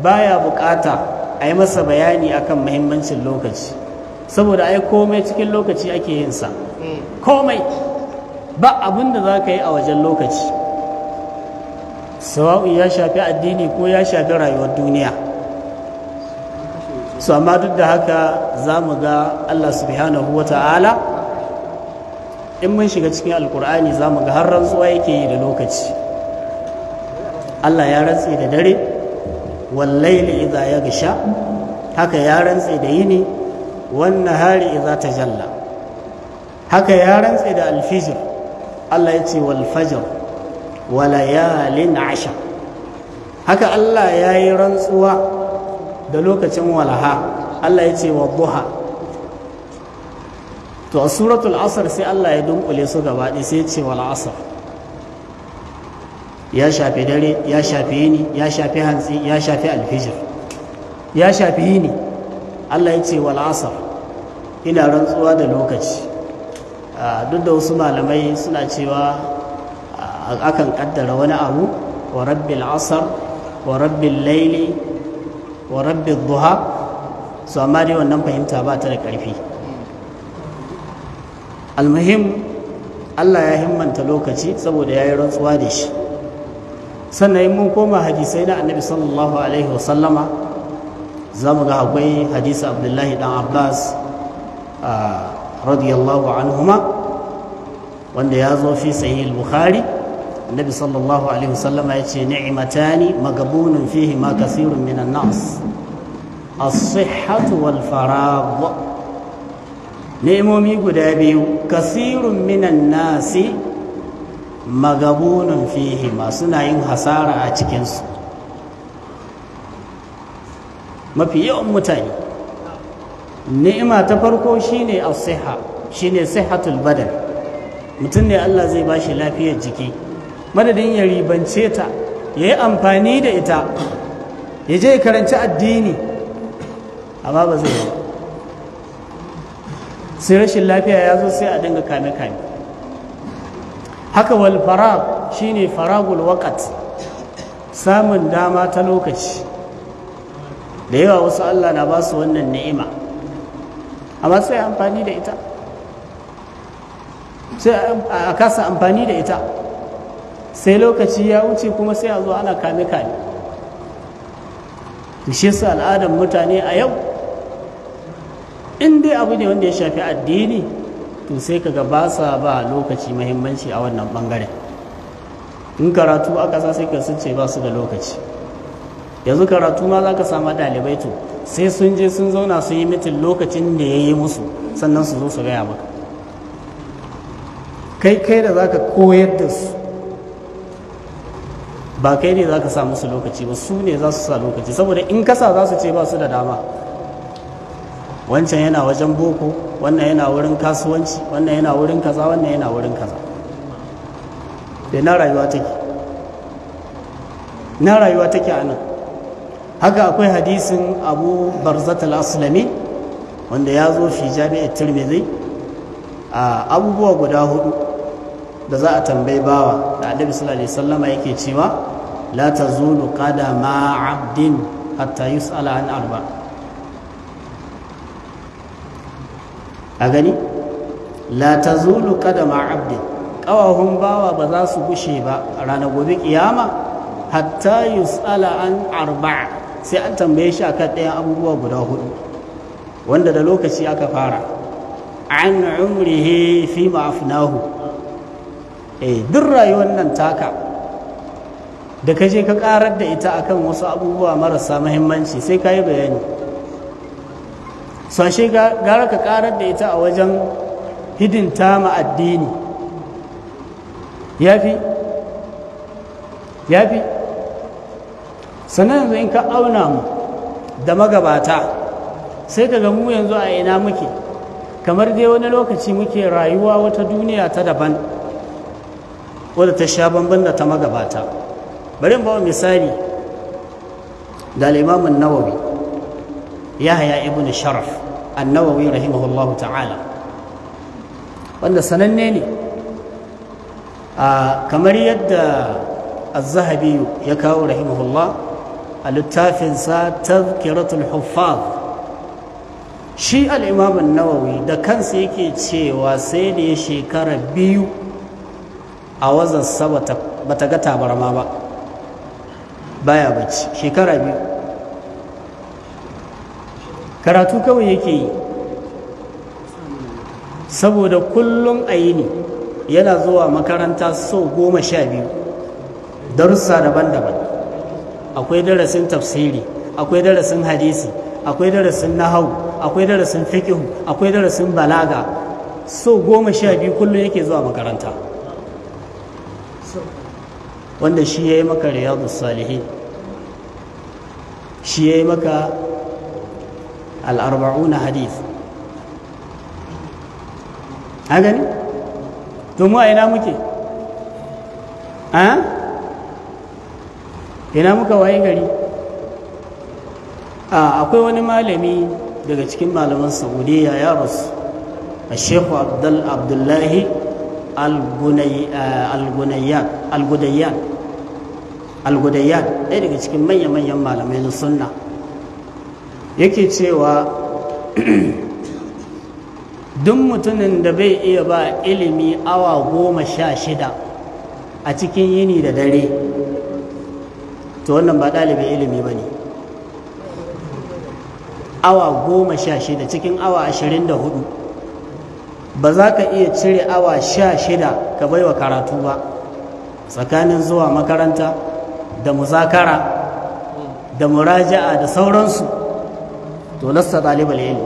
baya bukata a yi masa bayani akan mahimmancin lokaci saboda ai komai cikin lokaci ake yinsa mm. komai ba abin da za ka yi a wajen lokaci sawa'u ya shafi addini ko ya shafi rayuwar duniya su amma duk da haka za mu ga allah subhanahu wa ta'ala in mun shiga cikin alkur'ani za mu ga har rantsuwa yake yi da lokaci allah ya rantse da dare wallaili idza ya gisha haka ya rantse da yini wannan hari idza ta jalla haka ya rantse da alfijir allah ya ce walfajar wa layalin asha haka Allah ya yi rantsuwa da lokacin walaha Allah ya ce wa duha to a suratul asr sai Allah ya dunkule su gaba ɗaya sai ya ce wal asr ya shafi dare ya shafi yini ya shafi hantsi ya shafi alfijir ya shafi yini Allah ya ce wal asr ina rantsuwa da lokaci ah, duk da wasu malamai suna cewa akan kaddara wani abu wa rabbi asr wa rabbi layli wa rabbi duha su amma dai wannan fahimta ba ta da ƙarfi almuhim Allah ya himmanta lokaci saboda ya yi rantsuwa da shi sannan mun koma hadisai na annabi sallallahu alaihi wasallama za mu ga akwai hadisi abdullahi dan abbas ah, radiyallahu anhuma wanda ya zo fi sahih al-bukhari annabi sallallahu alaihi wasallama ya ce ni'matani magabunun fihi ma kasirun minan nas as wal faragh ne'imomi guda biyu kasirun minan nasi magabunun fihi suna yin hasara a cikinsu mafi yawan mutane ni'ima ta farko shine as shine sihhatul badan mutum ne Allah zai bashi lafiyar jiki madadin ya ribance ta ya yi amfani da ita ya je karanci addini amma ba zai yi sai rashin lafiya ya zo sai a dinga kame-kame haka wal farag shine faragul wakat samun dama ta lokaci da yawa wasu Allah na ba su wannan ni'ima amma sai amfani da ita sai a kasa amfani da ita sai lokaci ya wuce kuma sai a zo ana kame kame da shi su al'adar mutane a yau in dai abu ne wanda ya shafi addini to sai kaga ba sa ba lokaci mahimmanci a wannan bangaren in karatu aka sa sai ka sun ce ba su da lokaci yanzu karatu ma za ka samu ɗalibai to sai sun je sun zauna sun yi mitin lokacin da ya yi musu sannan su zo su gaya maka kai kai da za ka koyar da su ba kai ne za ka sa musu lokaci ba su ne za su sa lokaci saboda in kasa za su ce ba su da dama wancan yana wajen boko wannan yana wurin kasuwanci wannan yana wurin kaza wannan yana wurin kaza da na rayuwa take na rayuwa take a nan haka akwai hadisin abu barzatul aslami wanda ya zo fi jami'ar tirmidhi a abubuwa guda hudu da za a tambayi bawa da annabi sallallahu alaihi wasallam yake cewa la tazulu qadama 'abdin hatta yus'ala an arba a gani la tazulu qadama 'abdin kawahun bawa ba za su gushe ba ranar gobe kiyama hatta yus'ala an arba sai an tambaye shi akan ɗayan abubuwa guda hudu wanda da lokaci aka fara an umrihi fi ma afnahu eh duk rayuwar nan taka da ka je ka karar da ita akan wasu abubuwa marasa mahimmanci sai ka yi bayani sashe gara ka karar da ita a wajen hidinta ma addini ya fi ya fi sannan yanzu in ka auna mu da magabata sai ka ga mu yanzu a ina muke kamar dai wani lokaci muke rayuwa wata duniya ta daban wadda ta sha bamban da ta magabata bari bawa misali da limamin nawawi yahya ibn sharaf annawawi rahimahullahu ta'ala wanda sananne ne kamar yadda az-zahabi ya kawo rahimahullah a littafinsa tazkiratul huffaz shi al'imamin nawawi da kansa yake cewa sai da ya shekara biyu a wazansa ba ta ga tabarma ba baya bacci shekara biyu karatu kawai yake yi saboda kullum a yi ne yana zuwa makaranta sau goma sha biyu darussa daban-daban akwai darasin tafsiri akwai darasin hadisi akwai darasin nahau akwai darasin fikihu akwai darasin balaga sau goma sha biyu kullum yake zuwa makaranta wanda shi ya yi maka riyadu salihin shi ya yi maka al'arba'una hadith a gani mu a ina muke a ina muka waye gari a akwai wani malami daga cikin malaman saudiya ya rasu a shekhu abdullahi Eh, algudayyan ɗaya daga cikin manya-manyan malamai na sunna yake cewa duk mutumin da bai iya ba ilimi awa goma sha shida a cikin yini da dare to wannan ba ɗalibin ilimi ba ne awa goma sha shida cikin awa ashirin da hudu ba za ka iya cire awa sha shida ka baiwa karatu ba tsakanin zuwa makaranta da muzakara da muraja'a da sauransu to lasta ɗalibar ilmi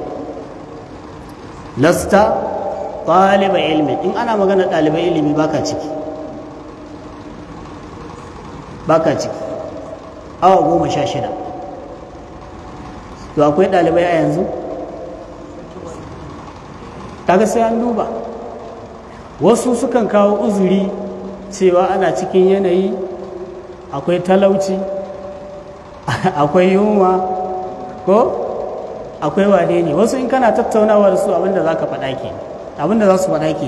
lasta ɗalibar ilmi in ana magana ɗalibar ilmi baka ciki baka ciki awa goma sha shida to akwai ɗalibai a yanzu kaga sai an duba wasu sukan kawo uzuri cewa ana cikin yanayi akwai talauci akwai yunwa ko akwai wane ne wasu in kana tattaunawa da su abinda za ka faɗa ke abinda za su faɗa ke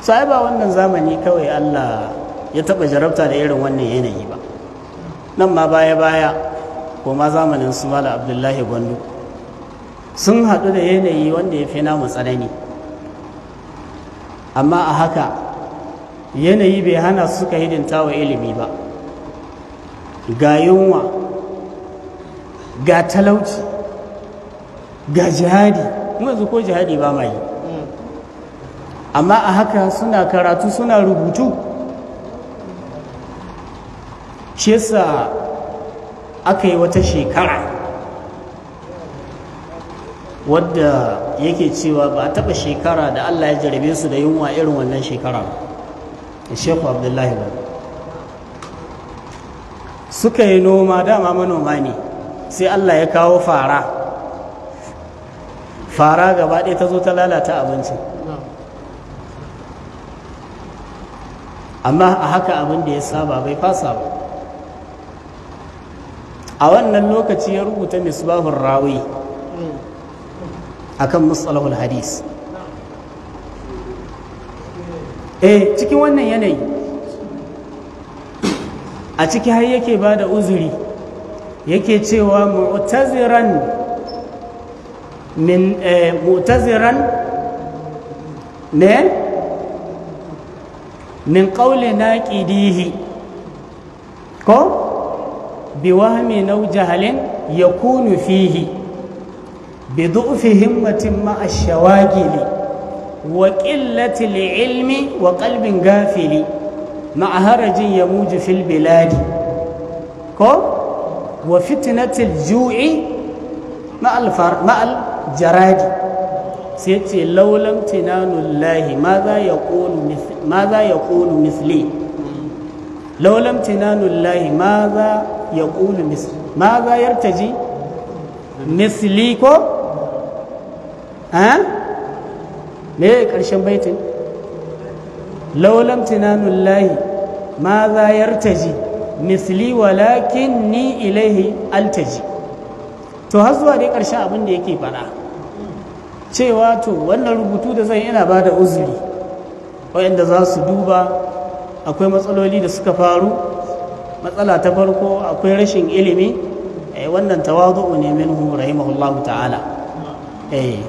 sai ba wannan zamani kawai allah ya taɓa jarabta da irin wannan yanayi ba nan ma baya-baya ko ma zamanin su mala abdullahi gwandu sun haɗu da yanayi wanda ya fi namu tsanani amma a haka yanayi bai hana su suka hidinta wa ilimi ba ga yunwa ga talauci ga jihadi yanzu ko jihadi ba mai yi amma a haka suna karatu suna rubutu shi yasa aka yi wata shekara wadda yake cewa ba a taɓa shekara da Allah ya jarabe su da yunwa irin wannan shekara da shekwa abdullahi ba suka yi noma dama manoma ne sai Allah ya kawo fara fara gaba ɗaya ta zo ta lalata abinci amma a haka abin da ya saba bai fasa ba a wannan lokaci ya rubuta misbahun rawi akan mustalahul hadis eh cikin wannan yanayi a ciki har yake ba da uzuri yake cewa mu'taziran min eh, mu'taziran ne min qawli naqidihi ko biwahmi naw jahalin yakunu fihi bi du'fi himmatin ma ashawagili wa qillati ilmi wa qalbin gafili ma harajin muji fil biladi ko wa fitnatil ju'i ma al jaradi sai ce laulam tinanullahi ya qulu misli ko a me ya ƙarshen baitin laulam tunanun lahi ma za yartaji misli walakin ni ilaihi altaji to har zuwa dai ƙarshen abin da yake faɗa cewa to wannan rubutu da zan yana ba da uzuri waɗanda za su duba akwai matsaloli da suka faru matsala ta farko akwai rashin ilimi eh, wannan tawazu'u ne minhu rahimahullahu ta'ala eh.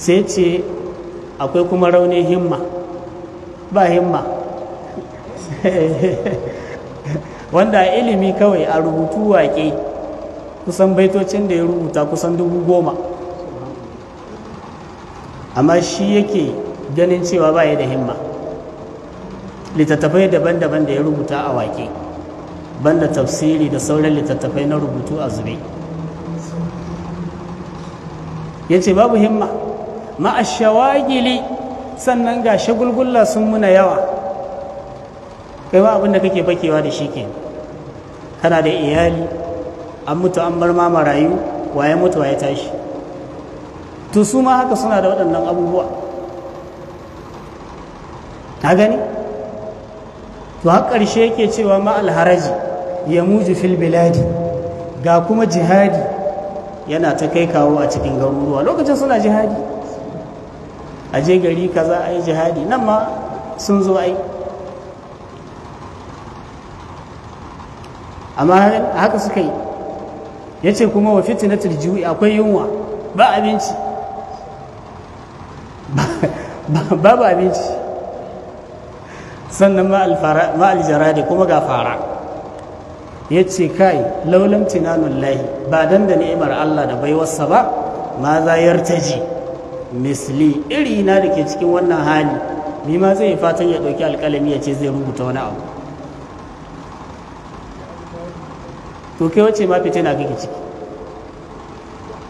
sai ce akwai kuma raunin himma ba himma wanda ilimi kawai a rubutu waƙe kusan baitocin da ya rubuta kusan dubu goma amma shi yake ganin cewa ba da himma littattafai daban-daban da ya rubuta a waƙe banda tafsiri da sauran littattafai na rubutu a zube ya ce babu himma shawagili sannan ga shagulgulla sun muna yawa kai ma abinda kake bakewa da shi ke kana da iyali an mutu an bar ma marayu waye mutu waye tashi to su ma haka suna da waɗannan abubuwa na gani to har ƙarshe yake cewa ma alharaji ya muji Filbiladi, ga kuma jihadi yana ta kai kawo a cikin garuruwa lokacin suna jihadi a je gari kaza a yi jihadi nan ma sun zo ai amma haka suka yi ya ce kuma wa fitinatul ju'i akwai yunwa ba abinci babu abinci sannan ma'al jaradi kuma ga fara ya ce kai laulam tinanun lahi ba dan da ni'imar Allah da baiwarsa ba ma za yartaji misli iri na da ke cikin wannan hali ni ma zai fatan ya ɗauki alƙalami ya ce zai rubuta wani abu to kai wace ma fitina kake ciki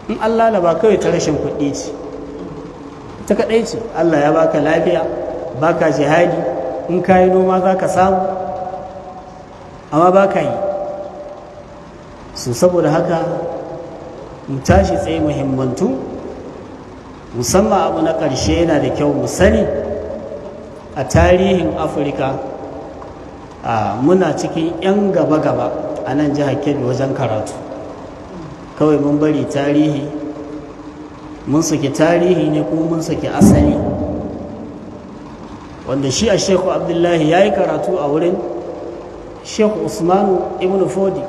in Allah la ba kawai ta rashin kuɗi ce ta kaɗai ce Allah ya baka lafiya baka jihadi in ka yi noma za ka samu amma baka yi su saboda haka mu tashi tsaye muhimmantu musamman abu na ƙarshe yana da kyau mu sani a tarihin afirka muna cikin 'yan gaba-gaba a nan jihar kebbi wajen karatu kawai mun bari tarihi mun saki tarihi ne kuma mun saki asali wanda shi a sheku abdullahi ya yi karatu a wurin sheku usmanu ibn fodi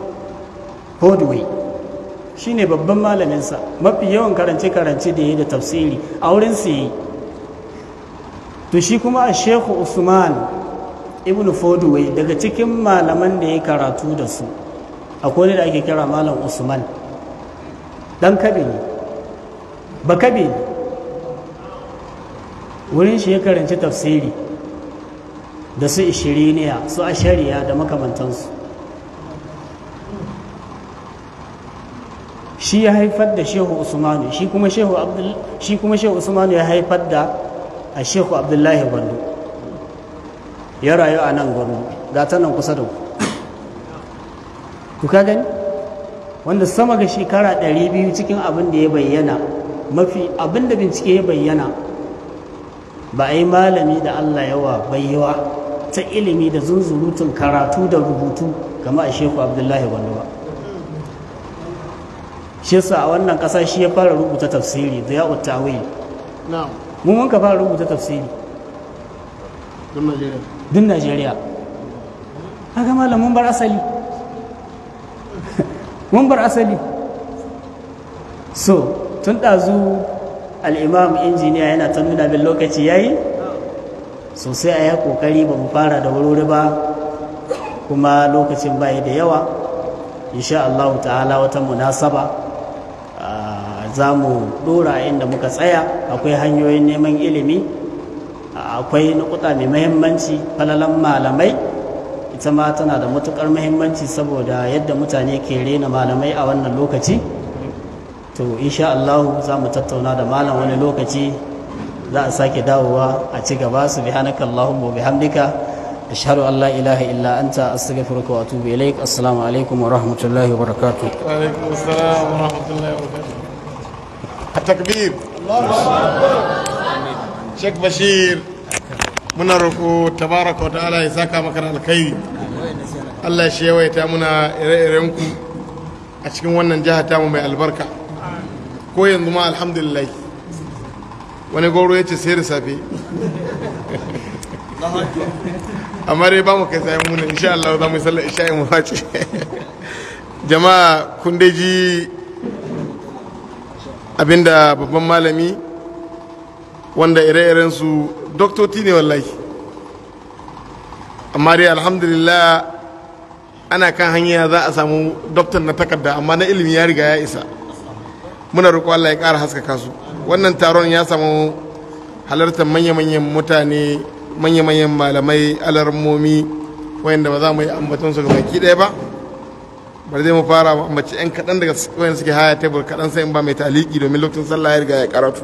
shine babban malaminsa mafi yawan karance-karance da ya da tafsiri a wurin yi to shi kuma a shehu usman ibn fodowai daga cikin malaman da ya karatu da su akwai da ake kira malam usman dan kabe ne ba kabe ne wurin shi ya karanci tafsiri da su ishiriniya su ashariya da makamantansu shi ya haifar da shehu usmanu shi kuma shehu usmanu ya haifar da a shehu abdullahi gwandu ya rayu a nan gwandu ga ta nan kusa da ku ku ka gani wanda sama ga shekara 200 cikin abin da ya bayyana mafi abin da bincike ya bayyana ba a yi malami da allah yawa bayyawa ta ilimi da zunzurutun karatu da rubutu kama a shehu abdullahi gwandu ba shi yasa a wannan ƙasa shi ya fara rubuta tafsiri da ya wai mun wanka fara rubuta tafsiri duk najeriya haka malam mun bar asali mun bar asali so tun ɗazu al'imam injiniya yana ta nuna bin lokaci yayi sosai a ya kokari ba mu fara da wuri ba kuma lokacin baya da yawa insha Allah ta'ala wata munasaba za mu dora inda muka tsaya akwai hanyoyin neman ilimi akwai nukuta mai mahimmanci falalan malamai ita ma tana da matukar mahimmanci saboda yadda mutane ke rena malamai a wannan lokaci to insha Allah za mu tattauna da malam wani lokaci za a sake dawowa a ci gaba su bihanaka Allahumma bi hamdika ashhadu an la ilaha illa anta astaghfiruka wa atubu ilaik assalamu alaikum alaikum wa rahmatullahi wa barakatuh a takbir شيخ بشير muna roko tabaraka ta'ala ya saka maka da alkhairi Allah shi yawaita muna ire-iren ku a cikin wannan jiha tamu mai albarka ko yanzu ma alhamdulillah wani goro ya ce sai da safe amma dai ba mu kai sayan muna insha Allah za mu yi jama'a kun ji abinda babban malami wanda ire su doktoti ne wallahi amma dai alhamdulillah ana kan hanya za a samu doktan na takarda amma na ilimi ya riga ya isa muna roƙo Allah ya ƙara haskaka su wannan taron ya samu halartar manya-manyan mutane manya-manyan malamai alarmomi wayanda ba za mu yi ambaton su ga baki ɗaya ba bari zai mu fara mace yan kaɗan daga wani suke haya tebur kaɗan sai in ba mai taliki domin lokacin sallah ya riga ya karatu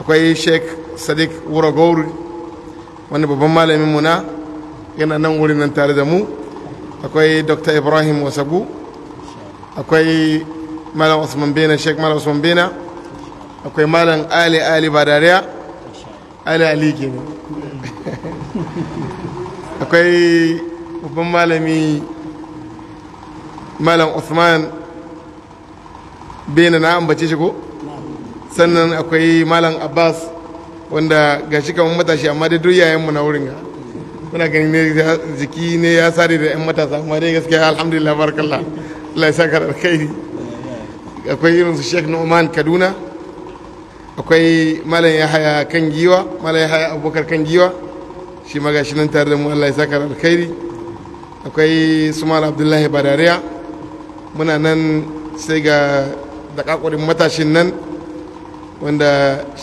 akwai sheik sadiq wuragori wani babban malamin mu na yana nan wurin nan tare da mu akwai dr ibrahim wasagu akwai malam usman bena sheik malam usman bena akwai malam ali ali badariya ali ali kenan akwai babban malami malam Usman bai na ambace shi ko sannan akwai malam Abbas wanda ga shi kamar matashi amma dai duk yayanmu na wurin ga muna ganin ne jiki ne ya sare da 'yan matasa amma dai gaskiya alhamdulillah barakallah Allah ya saka alkhairi akwai irin su Sheikh Nu'man Kaduna akwai malam Yahaya kan giwa malam Yahaya Abubakar kan giwa shi ma gashi nan tare da mu Allah ya saka alkhairi akwai su malam Abdullahi Badariya muna nan sai ga dakakurin matashin nan wanda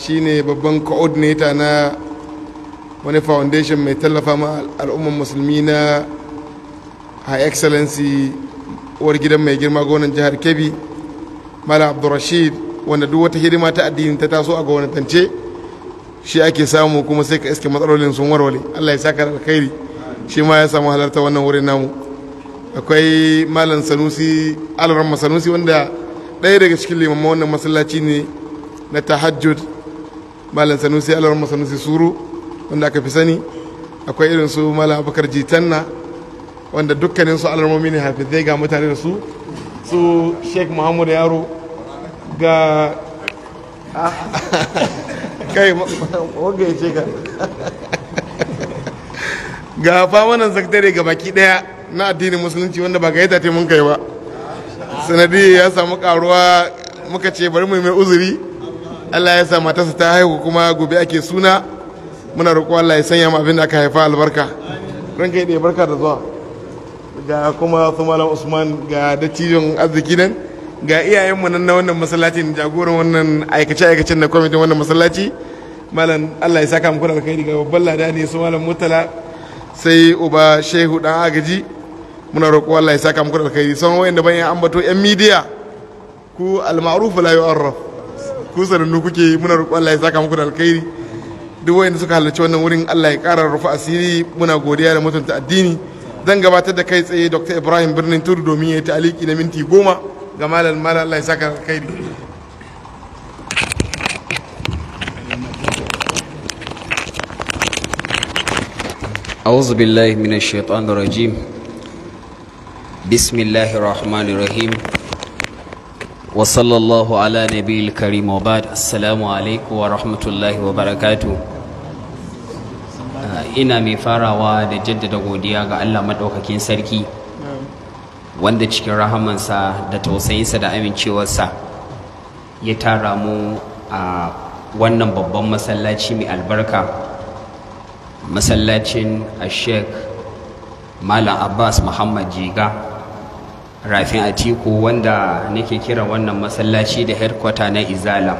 ne babban coordinator na wani foundation mai tallafa ma al'umman musulmi na high excellency uwar gidan mai girma gonan jihar kebbi mala abdurrashid wanda duk wata hidima ta addini ta taso a gwamnatance shi ake samu kuma sai ka iske matsalolin sun warware allah ya saka alkhairi shi ma ya samu halarta wannan wurin namu akwai malam sanusi alaramma sanusi wanda ɗaya daga cikin limamma wannan masallaci ne na tahajjud malam sanusi alaramma sanusi suru wanda aka fi sani akwai irin su malam abubakar jitanna wanda dukkanin su alarmomi ne zai ga mutane da su su sheikh muhammad yaro ga kai wanda ya ce ka ga famanan zakdare ga baki daya na addinin musulunci wanda ba gayyata ce mun kai ba sanadi ya samu karuwa muka ce bari mu mai uzuri Allah ya sa matarsa ta haihu kuma gobe ake suna muna roƙo Allah ya sanya mu abin da aka haifa albarka ranka ya barka da zuwa ga kuma su malam Usman ga dattijon arziki nan ga iyayenmu nan na wannan masallacin jagoran wannan aikace-aikacen na kwamitin wannan masallaci malam Allah ya saka muku da kai daga babban ladani su malam Mutala sai uba shehu dan agaji muna roƙo Allah ya saka muku da alkhairi wayan da bayan ambato yan media ku al-ma'ruf la yu'arraf ku sanannu kuke muna roƙo Allah ya saka muku da alkhairi duk wayanda suka halarci wannan wurin Allah ya ƙara rufa asiri muna godiya da mutunta addini zan gabatar da kai tsaye Dr. Ibrahim Birnin Turu domin ya yi ta'aliki na minti goma ga malal malal Allah ya saka alkhairi أعوذ بالله من الشيطان الرجيم بسم الله الرحمن الرحيم وصلى الله على نبي الكريم وبعد السلام ina mai farawa da jaddada godiya ga Allah maɗaukakin sarki wanda cikin rahamansa da tausayinsa da amincewarsa ya tara mu a wannan babban masallaci mai albarka masallacin a sheik malam abbas muhammad jiga rafin atiku wanda nake kira wannan masallaci da headquarter na izala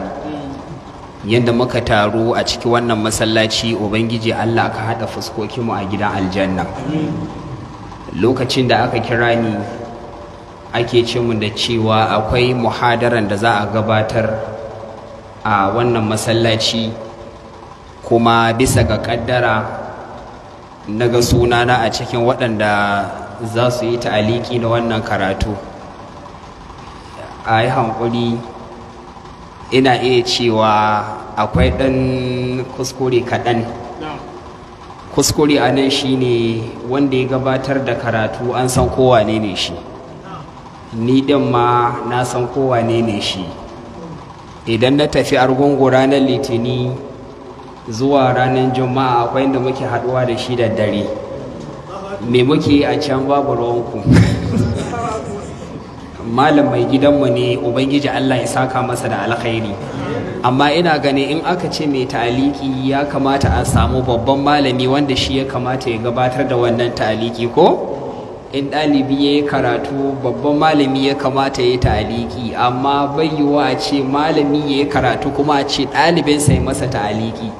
yadda muka taru a ciki wannan masallaci ubangiji allah ka haɗa fuskokinmu a gidan aljanna lokacin da aka kira ni ake ce da cewa akwai muhadaran da za a gabatar a wannan masallaci kuma bisa ga kaddara na ga sunana a cikin waɗanda za su yi ta'aliki na wannan karatu a yi hankuli ina iya cewa akwai ɗan kuskure kaɗan kuskure a nan ne wanda ya gabatar da karatu an san kowa ne shi ni ɗin ma na san ne ne shi idan na tafi argungu ranar litini zuwa ranar juma'a akwai inda muke haɗuwa da shi da dare me muke a can babu ruwanku malam mai gidanmu ne ubangiji allah ya saka masa da alkhairi amma ina gani in aka ce mai taliki ya kamata a samu babban malami wanda shi ya kamata ya gabatar da wannan taliki ko in ɗalibi ya yi karatu babban malami ya kamata ya taliki amma bayyuwa a ce malami ya yi karatu kuma a ce ɗalibinsa ya masa taliki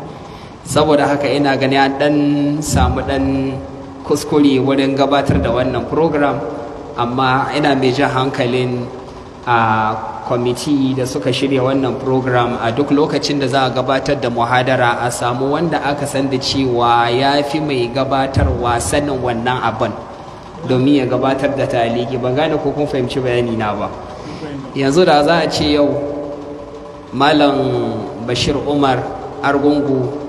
saboda haka ina gani an ɗan samu ɗan kuskure wurin gabatar da wannan program amma ina mai jan hankalin a kwamiti da suka shirya wannan program a duk lokacin da za a gabatar da muhadara a samu wanda aka san da cewa ya fi mai gabatar sanin wannan abin domin ya gabatar da taliki ban gane ko kun fahimci bayani na ba yanzu da za a ce yau malam bashir umar argungu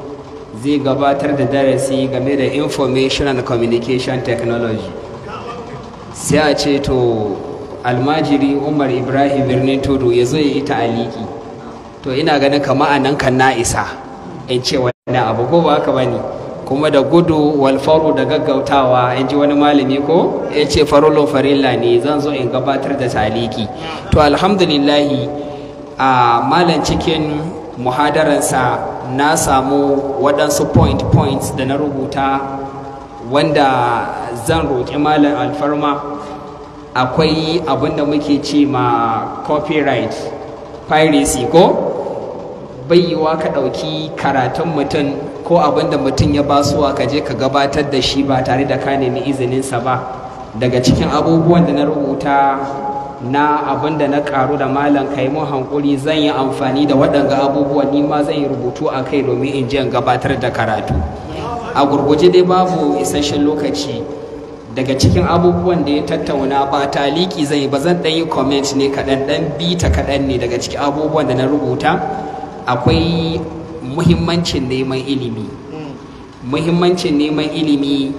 zai gabatar da darasi game da information and communication technology sai a ce to almajiri umar ibrahim birnin tudu ya zo ya yi ta'aliki to ina ganin kama a nan kan Na'isa. isa in ce wani abu ko ba haka ne kuma da gudu walfaru da gaggautawa in ji wani malami ko ya ce farolo farilla ne zan zo in gabatar da taliki to alhamdulillahi a malam cikin muhadaransa na samu waɗansu point points da na rubuta wanda zan roƙi malam alfarma akwai abin da muke ce ma copyright piracy ko Bai baiwa ka ɗauki karatun mutum ko abin mutum ya basuwa ka je ka gabatar da shi ba tare da ka nemi izininsa ba daga cikin abubuwan da na rubuta na abin da na karu da malam kai mu hankuri zan yi amfani da waɗanga abubuwan ni ma zan yi rubutu a kai domin in ji in gabatar da karatu a gurguje dai babu isasshen lokaci daga cikin abubuwan da ya tattauna ba taliki zai ba zan ɗan yi comment ne kaɗan ɗan bita kaɗan ne daga cikin abubuwan da na rubuta akwai muhimmancin neman ilimi mm. muhimmancin neman ilimi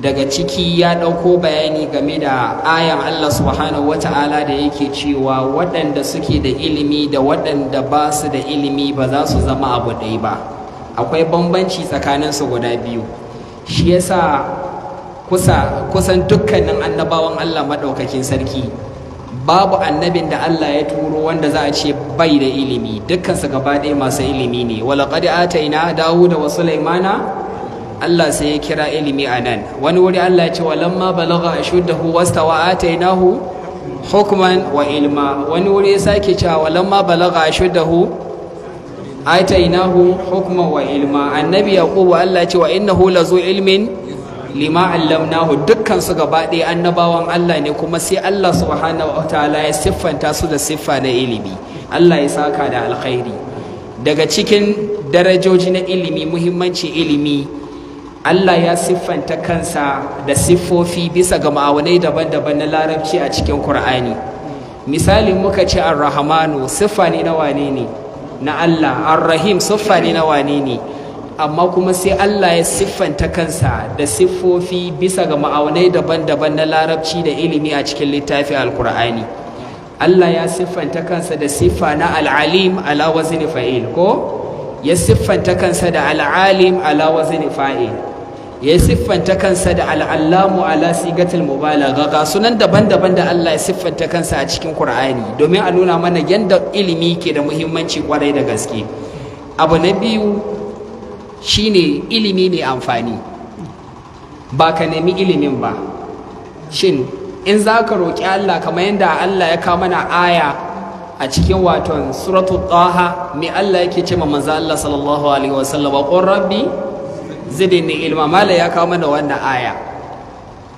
daga ciki ya ɗauko bayani game da ayan Allah subhanahu wa ta'ala da yake cewa waɗanda suke da ilimi da waɗanda ba su da ilimi ba za su zama abu ɗaya ba akwai bambanci tsakaninsu guda biyu shi yasa kusa kusan dukkanin annabawan Allah maɗaukakin sarki babu annabin da Allah ya turo wanda za a ce bai da ilimi dukkansu gaba ɗaya masu ilimi ne walaƙad dawo dawuda wa sulaimana Allah sai ya kira ilimi a nan wani wuri Allah ya ce walamma balaga ashuddahu wastawa atainahu hukman wa ilma wani wuri ya sake cewa walamma balaga ashuddahu atainahu hukman wa ilma annabi yaqub Allah ya ce wa innahu lazu ilmin lima allamnahu dukkan su gaba ɗaya annabawan Allah ne kuma sai Allah subhanahu wa ta'ala ya siffanta su da siffa na ilimi Allah ya saka da alkhairi daga cikin darajoji na ilimi muhimmanci ilimi Allah ya siffanta kansa da siffofi bisa ga ma'aunai daban-daban na larabci a cikin Kur'ani. Misali muka ce Ar-Rahmanu siffa ne na wane ne? Na Allah, Ar-Rahim siffa ne na wane ne? Amma kuma sai Allah ya siffanta kansa da siffofi bisa ga ma'aunai daban-daban na larabci da ilimi a cikin littafi Al-Qur'ani. Allah ya siffanta kansa da siffa na Al-Alim ala wazni fa'il ko? Ya siffanta kansa da al'alim ala wazni fa'il. ya siffanta kansa da al'allamu ala sigatul mubalagha ga sunan daban-daban da Allah ya siffanta kansa a cikin Qur'ani domin a nuna mana yadda ilimi ke da muhimmanci kwarai da gaske abu na biyu shine ilimi mai amfani ba ka nemi ilimin ba shin in za ka roƙi Allah kamar yadda Allah ya kawo mana aya a cikin waton suratu taha mai Allah yake ce ma manzo Allah sallallahu alaihi wasallam rabbi zidni ilma mala ya kawo mana wannan aya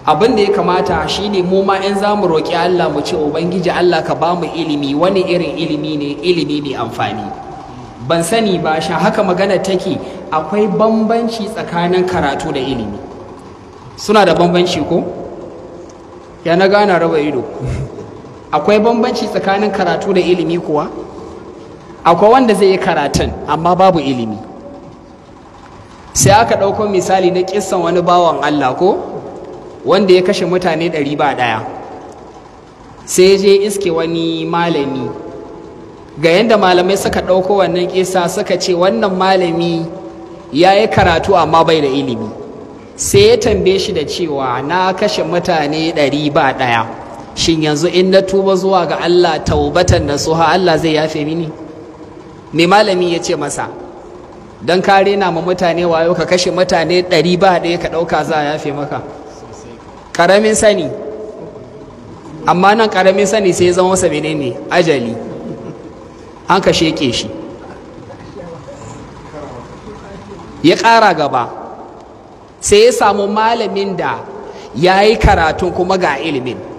abin da ya kamata shine mu ma in za mu roƙi Allah mu ce ubangiji Allah ka ba mu ilimi wani irin ilimi ne ilimi mai amfani ban sani ba sha haka magana take akwai bambanci tsakanin karatu da ilimi suna da bambanci ko ya na gana raba ido akwai bambanci tsakanin karatu da ilimi kuwa akwai wanda zai yi karatun amma babu ilimi sai aka ɗauko misali na ƙisan wani bawan Allah ko wanda ya kashe mutane ɗari ba ɗaya sai je iske wani malami ga yadda malamai suka ɗauko wannan ƙisa suka ce wannan malami ya yi karatu amma bai da ilimi sai ya tambaye shi da cewa na kashe mutane ɗari ba ɗaya shin yanzu in na tuba zuwa ga Allah taubatan nasuha Allah zai yafe mini me malami ya ce masa don ka rena ma mutane wayo ka kashe mutane ɗari ba ɗaya ka ɗauka za a yafe maka ƙaramin sani amma nan ƙaramin sani sai zama wasa menene ajali an ka sheke shi ya ƙara gaba sai ya samu malamin da ya yi karatun kuma ga ilimin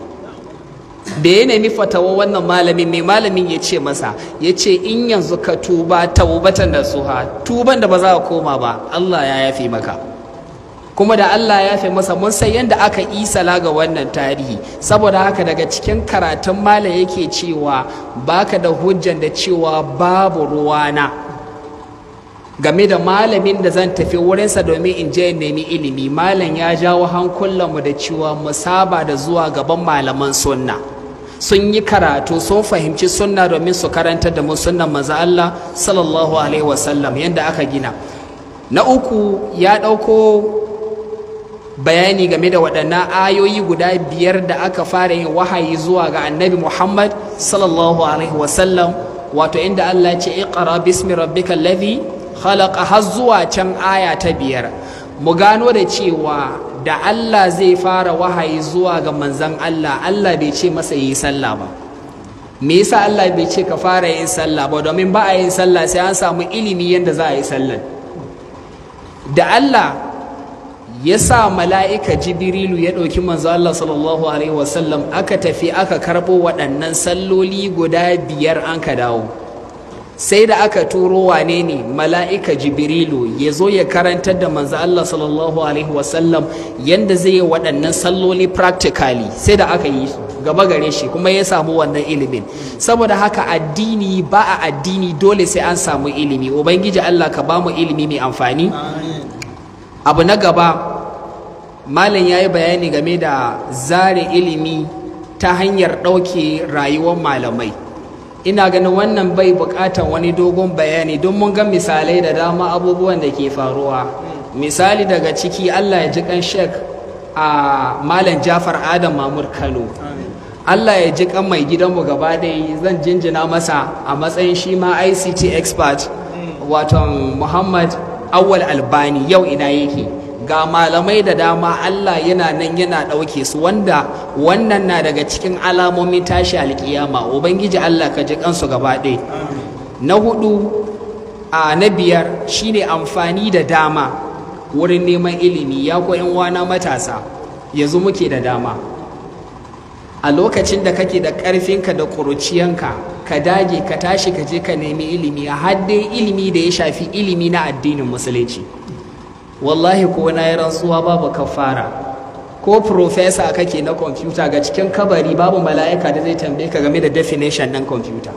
da ya nemi fatawa wannan malamin mai malamin ya ce masa ya ce in yanzu ka tuba taubatan da ha tuban da ba za ka koma ba Allah ya yafe maka kuma da Allah ya yafe masa mun san yadda aka isala ga wannan tarihi saboda haka daga cikin karatun malam yake cewa baka da hujjan da cewa babu ruwana game da malamin da zan tafi wurinsa domin in je nemi ilimi malam ya jawo hankulanmu da cewa mu saba da zuwa gaban malaman sunna sun yi karatu sun fahimci sunna domin su karanta da mu sunnan maza Allah sallallahu alaihi wasallam yanda aka gina na uku ya ɗauko bayani game da waɗannan ayoyi guda biyar da aka fara yin wahayi zuwa ga annabi muhammad sallallahu alaihi wasallam wato inda allah ce iqra bismi rabbika alladhi khalaqa har zuwa can aya ta biyar mu gano da cewa da Allah zai fara wahayi zuwa ga manzan Allah Allah bai ce masa yi sallah ba me yasa Allah bai ce ka fara yin sallah ba domin ba a yin sallah sai an samu ilimi yadda za a yi sallah da Allah ya sa mala'ika jibrilu ya ɗauki manzo Allah sallallahu alaihi wasallam aka tafi aka karɓo waɗannan salloli guda biyar an ka dawo sai da aka turo wane ne mala'ika jibrilu ya zo ya karantar da manzo Allah sallallahu alaihi wasallam yanda zai yi waɗannan salloli practically sai da aka yi gaba gare shi kuma ya samu wannan ilimin saboda haka addini ba a addini dole sai an samu ilimi ubangiji Allah ka bamu ilimi mai amfani abu na gaba malam ya yi bayani game da zare ilimi ta hanyar ɗauke rayuwar malamai ina ganin wannan bai buƙatar wani dogon bayani don mun ga misalai da dama abubuwan da ke faruwa misali daga ciki allah ya ji kan shek a malam jafar adam mamur kano allah ya ji kan mai gidanmu gaba ɗaya zan jinjina masa a matsayin shi ma ict expert waton muhammad awwal albani yau ina yake ga malamai da dama Allah yana nan yana ɗauke su wanda wannan na daga cikin alamomin tashi alkiyama ubangiji Allah ka ji kansu gaba na hudu a na biyar shine amfani da dama wurin neman ilimi ya ko wana matasa yanzu muke da dama a lokacin da kake da ƙarfinka da ƙuruciyanka ka dage ka tashi ka je ka nemi ilimi a dai ilimi da ya shafi ilimi na addinin musulunci wallahi ko na yi rantsuwa babu fara. ko profesa kake na kwamfuta ga cikin kabari babu mala'ika da zai tambaye ka game da definition ɗin kwamfuta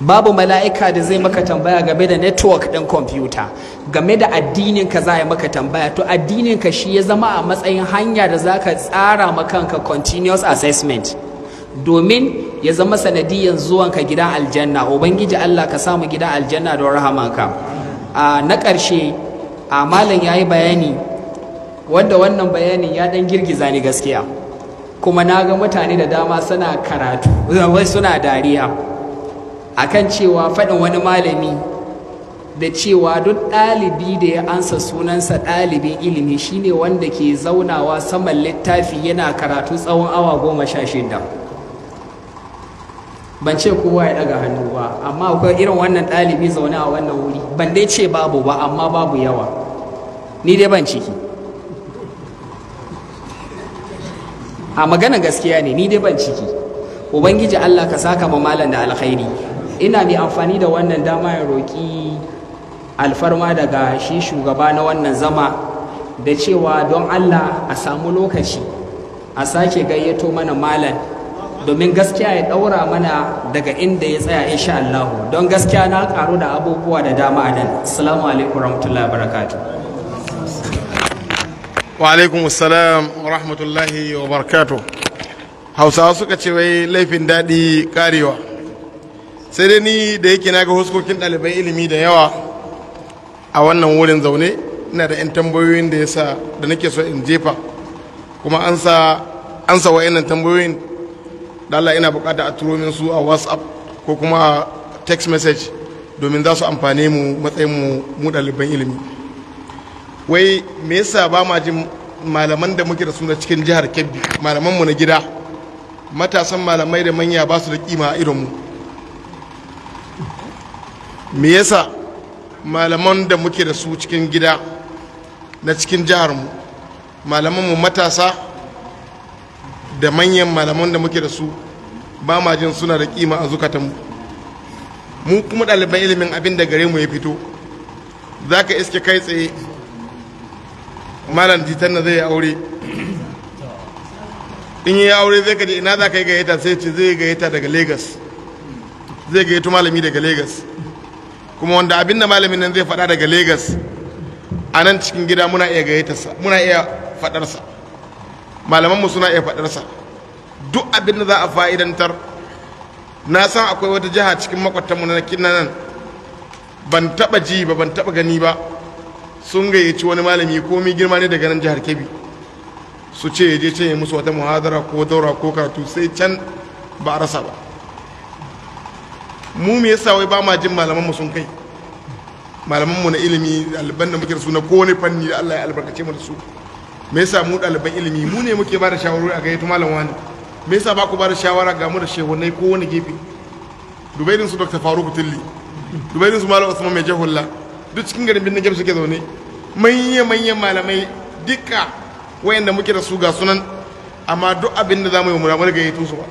babu mala'ika da zai maka tambaya game da network ɗin kwamfuta game da addinin ka za yi maka tambaya to addinin ka shi ya zama a matsayin hanya da za ka tsara makanka continuous assessment domin ya zama sanadiyan ka gidan aljanna ubangiji allah ka samu gidan aljanna don rahamanka na ƙarshe a malam ya yi bayani wanda wannan bayanin ya dan girgiza ni gaskiya kuma na ga mutane da dama suna karatu suna dariya akan cewa faɗin wani malami da cewa duk ɗalibi da ya ansa sunansa ɗalibin ilimi shine wanda ke zaunawa saman littafi yana karatu tsawon awa goma sha shida ban ce kowa ya daga hannu ba amma akwai irin wannan ɗalibi zaune a wannan wuri ban dai ce babu ba amma babu yawa ni dai ban ciki a magana gaskiya ne ni dai ban ciki ubangiji allah ka saka ma malam da alkhairi ina mai amfani da wannan dama ya roƙi alfarma daga shi shugaba na wannan zama da cewa don allah a samu lokaci a sake gayyato mana malam domin gaskiya ya ɗaura mana daga inda ya tsaya insha Allah don gaskiya na karu da abubuwa da dama a nan assalamu alaikum rahmatullahi barakatu wa alaikum assalam wa rahmatullahi wa barakatu hausawa suka ce wai laifin daɗi karewa sai dai ni da yake na ga huskokin ɗalibai ilimi da yawa a wannan wurin zaune ina da 'yan tambayoyin da ya sa da nake so in jefa kuma an sa wa'annan tambayoyin dalla ina bukata a turo min su a whatsapp ko kuma text message domin za su amfane mu matsayin mu mu ɗaliban ilimi wai me yasa ba ma jin malaman da muke da su na cikin jihar kebbi malaman mu na gida matasan malamai da manya ba su da kima a mu. me yasa malaman da muke da su cikin gida na cikin jihar malaman malamanmu matasa da manyan malaman da muke da su ba ma jin suna da kima a zukatanmu mu kuma ɗaliban ilimin abin da gare mu ya fito za ka iske kai tsaye malam jitan na zai aure in yi aure zai kaji ina za ka yi gayyata sai ce zai gayyata daga lagos zai gayyato malami daga lagos kuma wanda abin da malamin nan zai faɗa daga lagos a nan cikin gida muna iya gayyatarsa muna iya faɗarsa malamanmu suna iya faɗarsa duk abin da za a fa'idantar na san akwai wata jiha cikin makwatanmu na nan ban taɓa ji ba ban taɓa gani ba sun gayyaci wani malami komi girma ne daga nan jihar kebbi su ce ya je can ya musu wata muhadara ko daura ko karatu sai can ba a rasa ba mu me yasa wai ba ma jin malamanmu sun kai malamanmu na ilimi alban da muke da su na kowane fanni da allah ya albarkace mu da su me yasa mu ɗaliban ilimi mu ne muke ba da shawarwari a gayyatu malam wani me yasa ba ku ba da shawara ga mu da shehunai ko wani gefe dubairin su dr faruk tilli dubairin su malam usman mai jahulla duk cikin garin birnin jamus suke zaune manya manyan malamai duka wayanda muke da su ga sunan amma duk abin da zamu yi mu ramar gayyatu su ba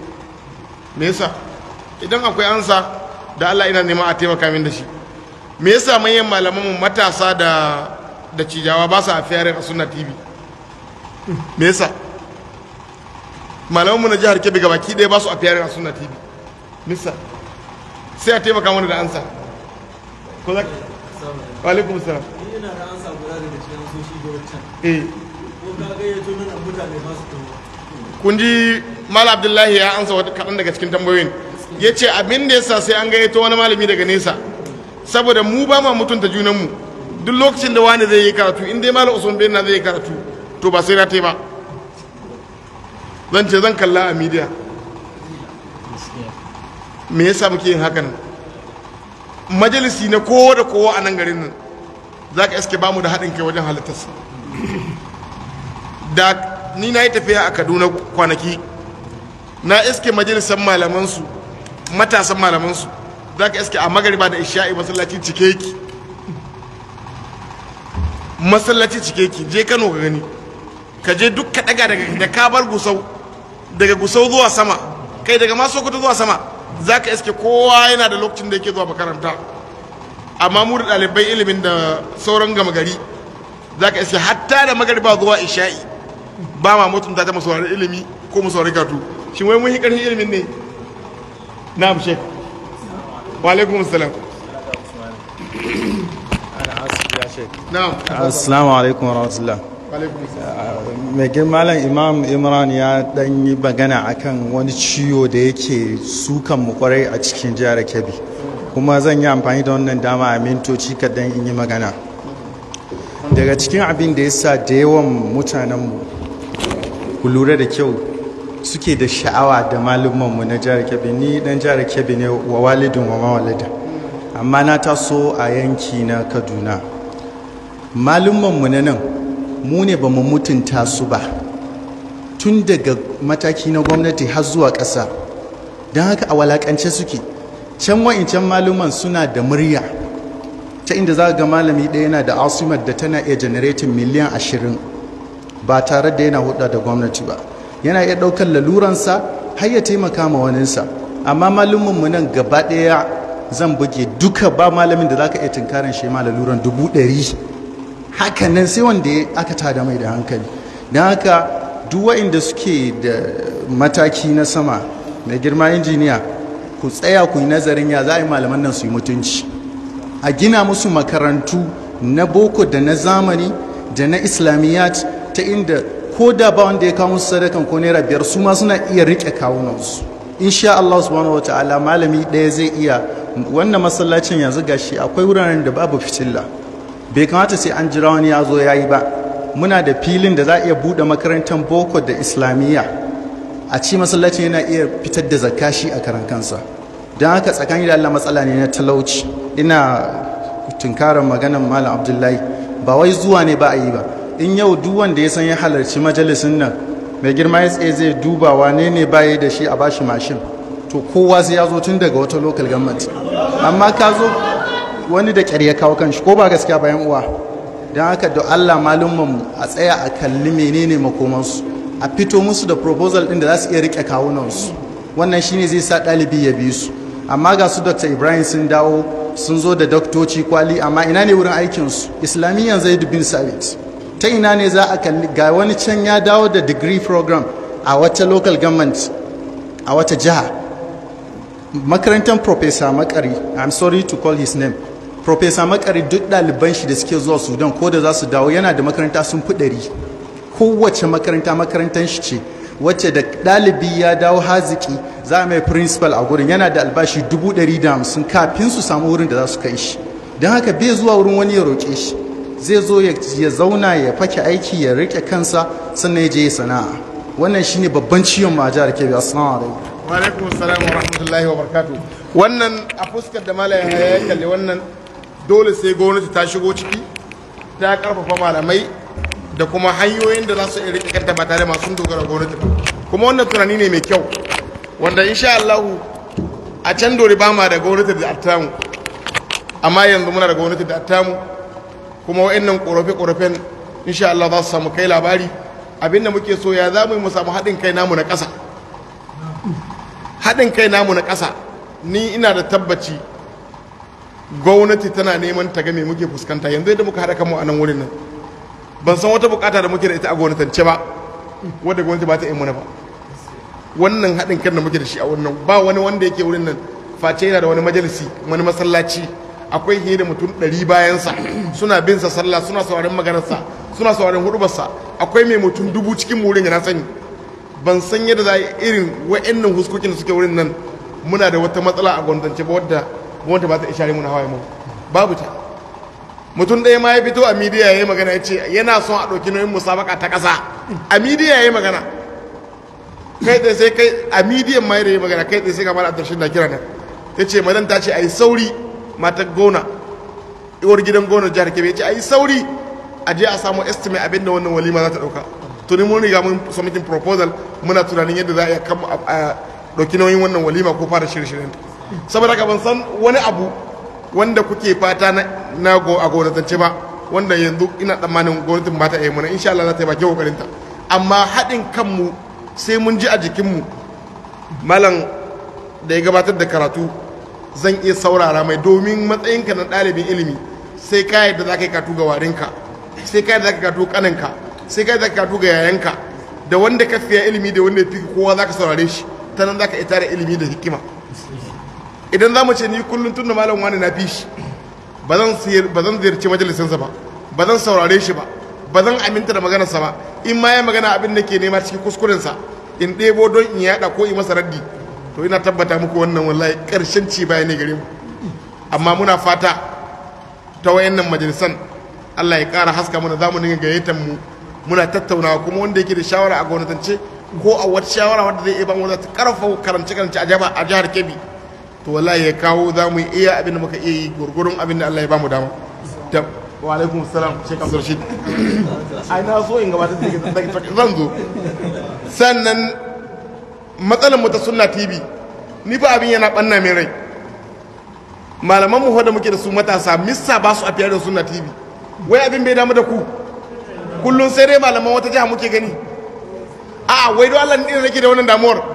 me yasa idan akwai ansa da Allah ina neman a taimaka min da shi me yasa manyan malamanmu matasa da da cijawa ba sa a fiyarin a sunna tv me yasa malamanmu na jihar kebbi gabaki ɗaya ba su a fiyar suna tv misa sai a taimaka mana da ansa ko za ka alaikum salam ina da ansa guda daga cikin soshi da wancan eh ko ka gayyato nan mutane ba su tawo kun ji mala abdullahi ya ansa wata kaɗan daga cikin tambayoyin ya ce abin da yasa sai an gayyato wani malami daga nesa saboda mu ba ma mutunta junanmu duk lokacin da wani zai yi karatu in dai malam usman bin na zai yi karatu to ba sai na te ba zan ce zan kalla a media me yasa muke yin hakan majalisi na kowa da kowa a nan garin nan za ka iske mu da haɗin kai wajen halittarsa da ni na yi tafiya a kaduna kwanaki na iske majalisar malamansu matasan malamansu za ka iske a magariba da isha'i masallaci cike yake masallaci cike yake je kano ka gani ka je duk ka daga da ka bar gusau daga gusau zuwa sama kai daga maso kuta zuwa sama za ka iske kowa yana da lokacin da yake zuwa makaranta amma mu da ɗalibai ilimin da sauran gama gari za ka iske hatta da magariba zuwa isha'i ba ma mutunta ta masaurin ilimi ko masaurin karatu shi wai mun yi ilimin ne na amshe wa salam na'am assalamu alaikum wa rahmatullah Ah, mai girmalan imam imran ya dan yi bagana akan wani ciwo da yake sukan mukwarai kwarai a cikin jihar kebbi kuma zan yi amfani da wannan dama a mintoci kadan in yi magana daga cikin abin da ya sa da yawan mutanenmu ku lura da kyau suke da sha'awa da malumanmu na jihar kebbi ni dan jihar kebbi ne wa walidin wa mawalidin amma na taso a yanki na kaduna malumanmu na nan mu ne ba mu mutunta su ba tun daga mataki na gwamnati har zuwa ƙasa don haka a walakance suke can wa'incan maluman suna da murya ta inda za ga malami ɗaya yana da asimar da tana iya janaretin miliyan ashirin ba tare da yana hudu da gwamnati ba yana iya ɗaukar laluransa har ya taimaka ma waninsa amma mu nan gaba ɗaya zan buge duka ba malamin da za ka iya tunkarin shi laluran dubu ɗari haka nan sai wanda aka tada mai da hankali don haka duk waɗanda suke da mataki na sama mai girma injiniya ku tsaya ku yi nazarin ya za a yi malaman nan su yi mutunci a gina musu makarantu na boko da na zamani da na islamiyat ta inda ko da ba wanda ya kawo musu sadakan ko naira biyar su ma suna iya riƙe kawunansu insha Allah subhanahu wa ta'ala malami ɗaya zai iya wannan masallacin yanzu gashi akwai wuraren da babu fitilla bai kamata sai an jira wani ya zo ya yi ba muna da filin da za a iya buɗe makarantar boko da islamiyya a ci masallacin yana iya fitar da zakashi a karan kansa don haka tsakanin da allah matsala ne na talauci ina tunkarar maganar malam abdullahi ba wai zuwa ne ba a yi ba in yau duk wanda ya san ya halarci majalisin nan mai girma ya tsaye zai duba wane ne baya da shi a bashi mashin to kowa sai ya zo tun daga wata local government amma ka zo wani da kyar ya kawo kanshi ko ba gaskiya bayan uwa don haka da Allah malumman a tsaya a kalli menene makomansu a fito musu da proposal din da za su iya rike kawunansu wannan shine zai sa ɗalibi ya bi su amma ga su Dr. Ibrahim sun dawo sun zo da doktoci kwali amma ina ne wurin aikinsu islamiyyan zai bin sabit ta ina ne za a kalli ga wani can ya dawo da degree program a wata local government a wata jiha makarantar professor makari i'm sorry to call his name profesa makari duk ɗaliban shi da suke zuwa sudan ko da za su dawo yana da makaranta sun fi ɗari kowace makaranta makarantar shi ce wacce da ɗalibi ya dawo haziki za a mai principal a gurin yana da albashi dubu ɗari da hamsin kafin su samu wurin da za su kai shi don haka bai zuwa wurin wani ya roƙe shi zai zo ya zauna ya fake aiki ya riƙe kansa sannan ya je ya sana'a wannan shine babban ciwon ma a jihar kebbi assalamu alaikum wa alaikum assalam wa rahmatullahi wa barakatuh wannan a fuskar da malayan ya kalli wannan dole sai gwamnati ta shigo ciki ta karfafa malamai da kuma hanyoyin da za su iya rike kanta ba tare masu dogara gwamnati ba kuma wannan tunani ne mai kyau wanda insha Allah a can dori ba ma da gwamnati da attamu amma yanzu muna da gwamnati da attamu kuma wa'annan korafe-korafen insha Allah za su samu kai labari abinda muke so ya za mu samu haɗin kai namu na ƙasa haɗin kai namu na ƙasa ni ina da tabbaci gwamnati tana neman ta game muke fuskanta yanzu yadda muka haɗa kanmu a nan wurin nan ban san wata bukata da muke da ita a gwamnatance ba wadda gwamnati ba ta yi mana ba wannan haɗin kan da muke da shi a wannan ba wani wanda yake wurin nan face yana da wani majalisi wani masallaci akwai hiyar da mutum ɗari bayansa suna bin sa sallah suna sauraron maganarsa suna sauraron hudubarsa akwai mai mutum dubu cikin wurin yana sani ban san yadda za a yi irin wa'annan huskokin da suke wurin nan muna da wata matsala a gwamnatance ba wadda Wanta ba ta ishari muna hawaye mu babu ta mutum ɗaya ma ya fito a midiya ya yi magana ya ce yana son a ɗauki nauyin musabaka ta ƙasa a midiya ya yi magana kai ɗaya sai kai a midiya ma ya yi magana kai ɗaya sai ka mara abdulshin da kira nan ta ce madan ta ce a yi sauri mata gona iwar gidan gona jihar kebe ya ce a yi sauri a je a samu estimate abin da wannan walima za ta ɗauka tuni mun riga mun submitting proposal muna tunanin yadda za a ɗauki nauyin wannan walima ko fara shirye-shiryen saboda ka ban san wani abu wanda kuke fata na go a gwamnatance ba wanda yanzu ina tsammanin gwamnatin ba ta yi mana insha Allah za ta yi bakin kokarin ta amma haɗin kanmu sai mun ji a jikinmu malam da ya gabatar da karatu zan iya saurara mai domin matsayinka na ɗalibin ilimi sai ka yadda za ka yi katu ga warinka sai ka yadda za ka katu kaninka sai ka yadda za ka katu ga yayanka da wanda ka fiya ilimi da wanda ya fi kowa za ka saurare shi ta nan za ka ita da ilimi da hikima idan za mu ce ni kullum tun da malam wani na fi ba zan ziyarci majalisinsa ba ba zan saurare shi ba ba zan aminta da maganarsa ba in ma ya magana abin da ke nema cikin kuskurensa in ɗebo don in yaɗa ko in masa raddi to ina tabbata muku wannan wallahi ƙarshen ci baya ne gare mu amma muna fata ta wayannan majalisan Allah ya ƙara haska mana za mu dinga gayyatar mu muna tattaunawa kuma wanda yake da shawara a gwamnatance ko a wata shawara wadda zai iya ba mu za ta karfafa karance karance a jihar Kebbi to wallahi ya kawo za mu iya abin da muka iya yi gurgurun abin da Allah ya bamu dama wa alaikum salam shek abdul rashid ai na so in gabatar da take zan zo sannan matsalar mu ta sunna tv ni ba abin yana banna min rai malaman mu da muke da su matasa missa ba su a fiyar da sunna tv wai abin bai damu da ku kullun sai dai malaman wata jiha muke gani a wai don Allah ne nake da wannan damuwar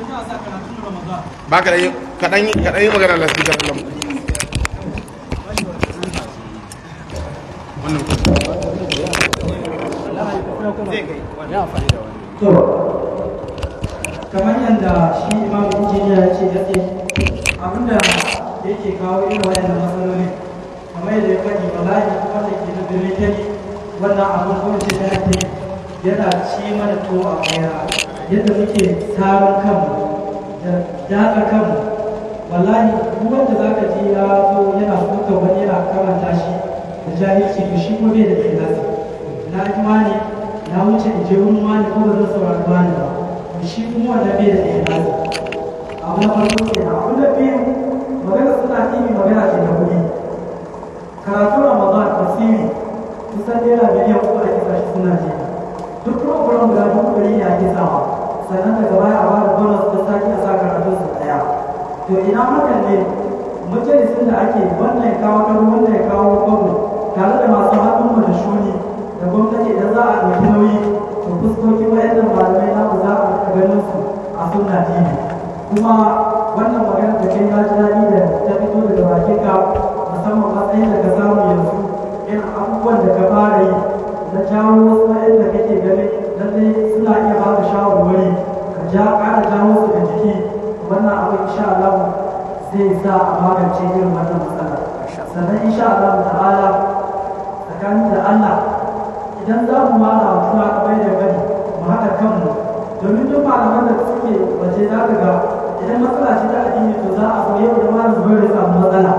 ba ka dai kadan yi kadan yi magana da to kamar yadda shi imamu injiniya ya ce yake abinda yake kawo irin wayannan matsaloli kamar yadda ya faɗi bala'i wanda ke da birnin tani wannan abin ce ta yana ci mana to a baya yadda muke samun kanmu da datsa kama. wallahi wanda za ka ji ya zo yana kuka wani yana karanta shi da jahilci to shi kuma bai da ikhlasi na wani. na wuce in je wurin wani ko ba zan saurari wani ba to shi kuma wannan bai da ikhlasi abu na farko na. abu na biyu magana suna tini magana ce na kuɗi karatu ramadan tasiri kusan naira miliyan uku ake sashi suna je duk program guda dubu ɗari ne ake sawa sannan daga baya a bada bonus ta sake a sa karatu su daya to ina hakan ne majalisun da ake wannan ya kawo karu wannan ya kawo kwabo tare da masu mu da shuni da gwamnati idan za a ɗauki nauyi to fuskoki wayannan malamai na ku za a ganin su a sunna dini kuma wannan magana da kai na ji daɗi da ta fito daga bakin ka musamman matsayin da ka samu yanzu irin abubuwan da ka fara yi na jawo wasu wayan da kake ganin lalle suna iya ba da shawarwari ka ja ƙara ja musu da jiki wannan abu insha Allah zai sa a magance irin wannan matsala sannan insha Allah ta'ala tsakanin da Allah idan za mu mara wa kuma bai da bari mu haɗa kanmu domin duk malaman da suke waje za ka ga idan matsala ce ta addini to za a so yau da malam zubar da samu matsala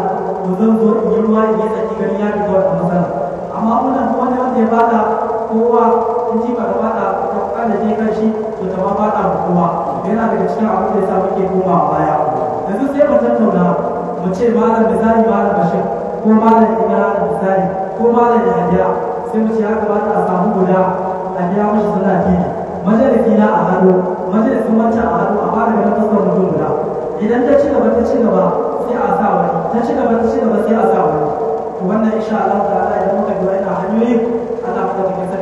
to zan zo in yi ruwa in yi tsaki gari ya fi zuwa matsala amma wannan ne wanda ya bada kowa musibar fada ta kada je kan shi to ta ma fada kuma yana daga cikin abin da yasa muke koma baya yanzu sai mu tattauna mu ce malam misali malam bashir ko malam ina misali ko malam yahya sai mu ce ya kamata a samu guda a biya mishi sallah tini majalisi na a hannu majalisin wancan a hannu a fara ganin fuskar mutum guda idan ta ci gaba ta ci gaba sai a sa wani ta ci gaba ta ci gaba sai a sa wani wannan insha Allah ta'ala idan muka ga wannan hanyoyi Allah ta kace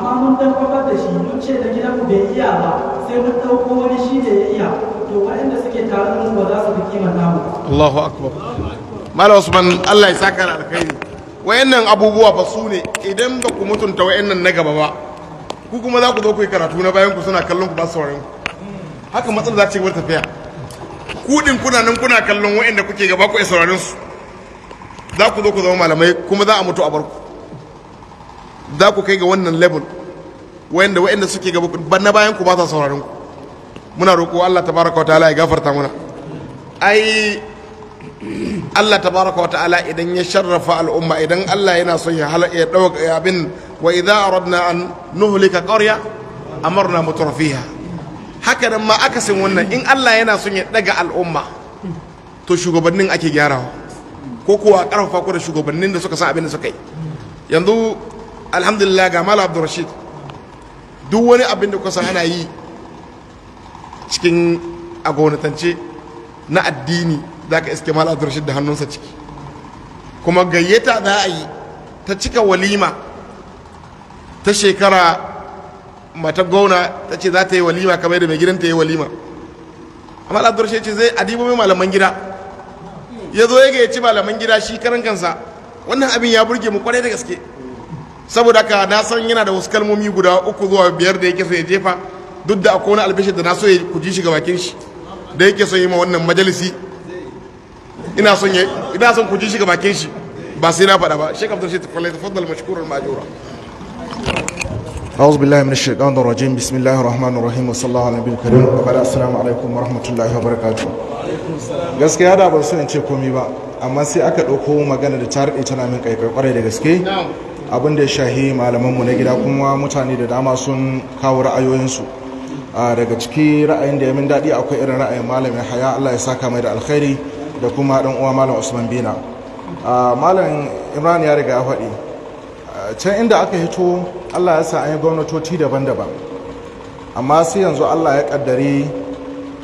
amma mun tabbatar da shi mun ce da ku bai iya ba sai mun ɗauko wani shi da ya iya to waɗanda suke tare mu ba za su fi kima namu Allahu akbar Malam Usman Allah ya saka da alkhairi wayannan abubuwa ba su ne idan ba ku mutunta wayannan na gaba ba ku kuma za ku zo ku yi karatu na bayan ku suna kallon ku ba sauran haka matsala za ta ci tafiya ku din kuna nan kuna kallon wayanda kuke gaba ku sauraron su za ku zo ku zama malamai kuma za a mutu a barku za ku kai ga wannan level wanda wa'anda suke gaba na bayan ku ba sa sauraron ku muna roƙo Allah tabaraka wa ta'ala ya gafarta muna ai Allah tabaraka wa ta'ala idan ya sharrafa al'umma idan Allah yana son ya halaka ya dauka abin wa idza aradna an nuhlika qarya amarna mutrafiha haka nan ma akasin wannan in Allah yana son ya daga al'umma to shugabannin ake gyarawa ko kuwa karfafa ku da shugabannin da suka san abin da suka yi yanzu alhamdulillah ga mala abdurrashid duk wani abin da kusan ana yi cikin agonatance na addini za ka iske mala abdurrashid da hannunsa ciki kuma gayyata za a yi ta cika walima ta shekara mata gona ta ce za ta yi walima kamar da mai gidan ta yi walima amma abdurrashid ce zai adibo mai malaman gida ya zo ya gayyaci malaman gida shi karan kansa wannan abin ya burge mu kwarai da gaske saboda ka na san yana da wasu kalmomi guda uku zuwa biyar da yake so ya jefa duk da akwai wani albishir da na so ya kuji shi ga bakin shi da yake so yi ma wannan majalisi ina son ya ina son kuji shi ga bakin shi ba sai na faɗa ba shek abdul shit kullai tafaddal mashkuran majura أعوذ بالله من الشيطان الرجيم بسم الله الرحمن الرحيم وصلى الله على النبي الكريم وبعد السلام عليكم ورحمة الله وبركاته gaskiya da ban san in ce komai ba amma sai aka ɗauko magana da tarihi tana min kai kware da gaske abin da ya shahi mu na gida kuma mutane da dama sun kawo ra'ayoyinsu daga ciki ra'ayin da ya min daɗi akwai irin ra'ayin malamin haya allah ya saka mai da alkhairi da kuma ɗan uwa malam usman bina malam imran ya riga ya faɗi can inda aka hito allah ya sa an yi gwamnatoci daban-daban amma sai yanzu allah ya ƙaddari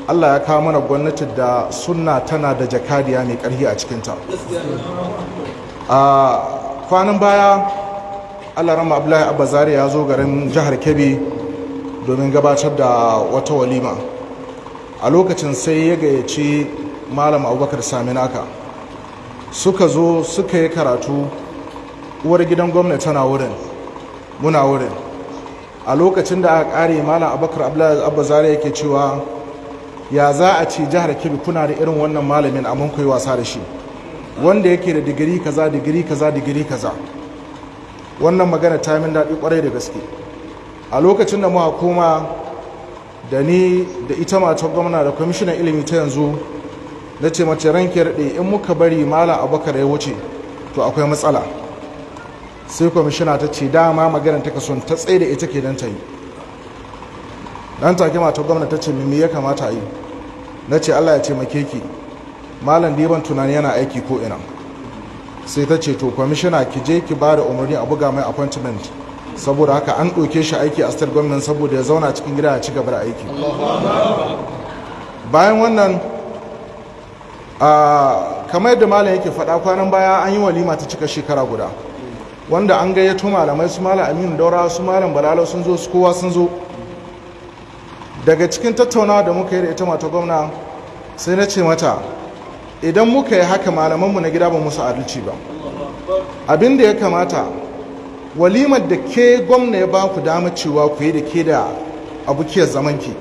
allah ya kawo mana gwamnatin da sunna tana da jakadiya mai ƙarfi a cikinta kwanan baya allah rama abdullahi abazari ya zo garin jihar kebbi domin gabatar da wata walima a lokacin sai ya gayyaci malam abubakar saminaka suka zo suka yi karatu uwar gidan gwamna tana wurin muna wurin a lokacin da aka kare malam abubakar abazari yake cewa ya za a ce jihar kebbi kuna da irin wannan malamin a ku yi wasa da shi wanda yake da digiri kaza digiri kaza digiri kaza wannan magana ta min daɗi ƙwarai da gaske a lokacin da muka koma da ni da ita matar gwamna da kwamishinan ilimi ta yanzu na ce mace ranke raɗe in muka bari malam abubakar ya wuce to akwai matsala sai kwamishina ta ce dama magana ta kaso ta tsaye da ita ke don ta yi dan take matar gwamna ta ce mimi ya kamata a yi na ce allah ya taimake ki malam diban tunani yana aiki ko ina sai ta ce to kwamishina ki je ki ba da umarni a buga mai appointment saboda haka an ɗauke shi aiki a state government saboda ya zauna cikin gida ya ci gaba da aiki bayan wannan kamar yadda malam yake faɗa kwanan baya an yi walima ta cika shekara guda wanda an gayyato malamai su malam aminu daura su malam balala sun zo su kowa sun zo daga cikin tattaunawa da muka yi da ita mata gwamna sai na ce mata idan muka yi haka mu na gida ba musu adalci ba abin da ya kamata walimar da ke gwamna ya ba ku dama cewa ku yi da ke da abukiyar zamanki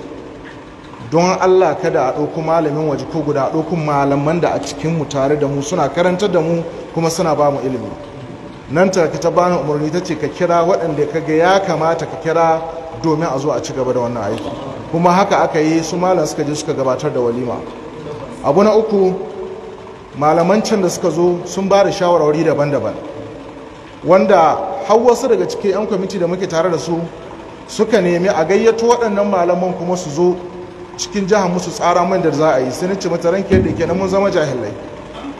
don allah kada a ɗauko malamin waje ko guda a malaman da a cikinmu tare da mu suna karantar da mu kuma suna ba mu ilimi nan ta ta bani umarni ta ce ka kira waɗanda ka ga ya kamata ka kira domin a zo a ci gaba da wannan aiki kuma haka aka yi su malam suka je suka gabatar da walima abu na uku Malamancin da suka zo sun ba da shawarwari daban-daban wanda har wasu daga cikin 'yan kwamiti da muke tare da su suka nemi a gayyato waɗannan malaman kuma su zo cikin jihar musu tsara man da za a yi sai ci mata ke da kenan mun zama jahilai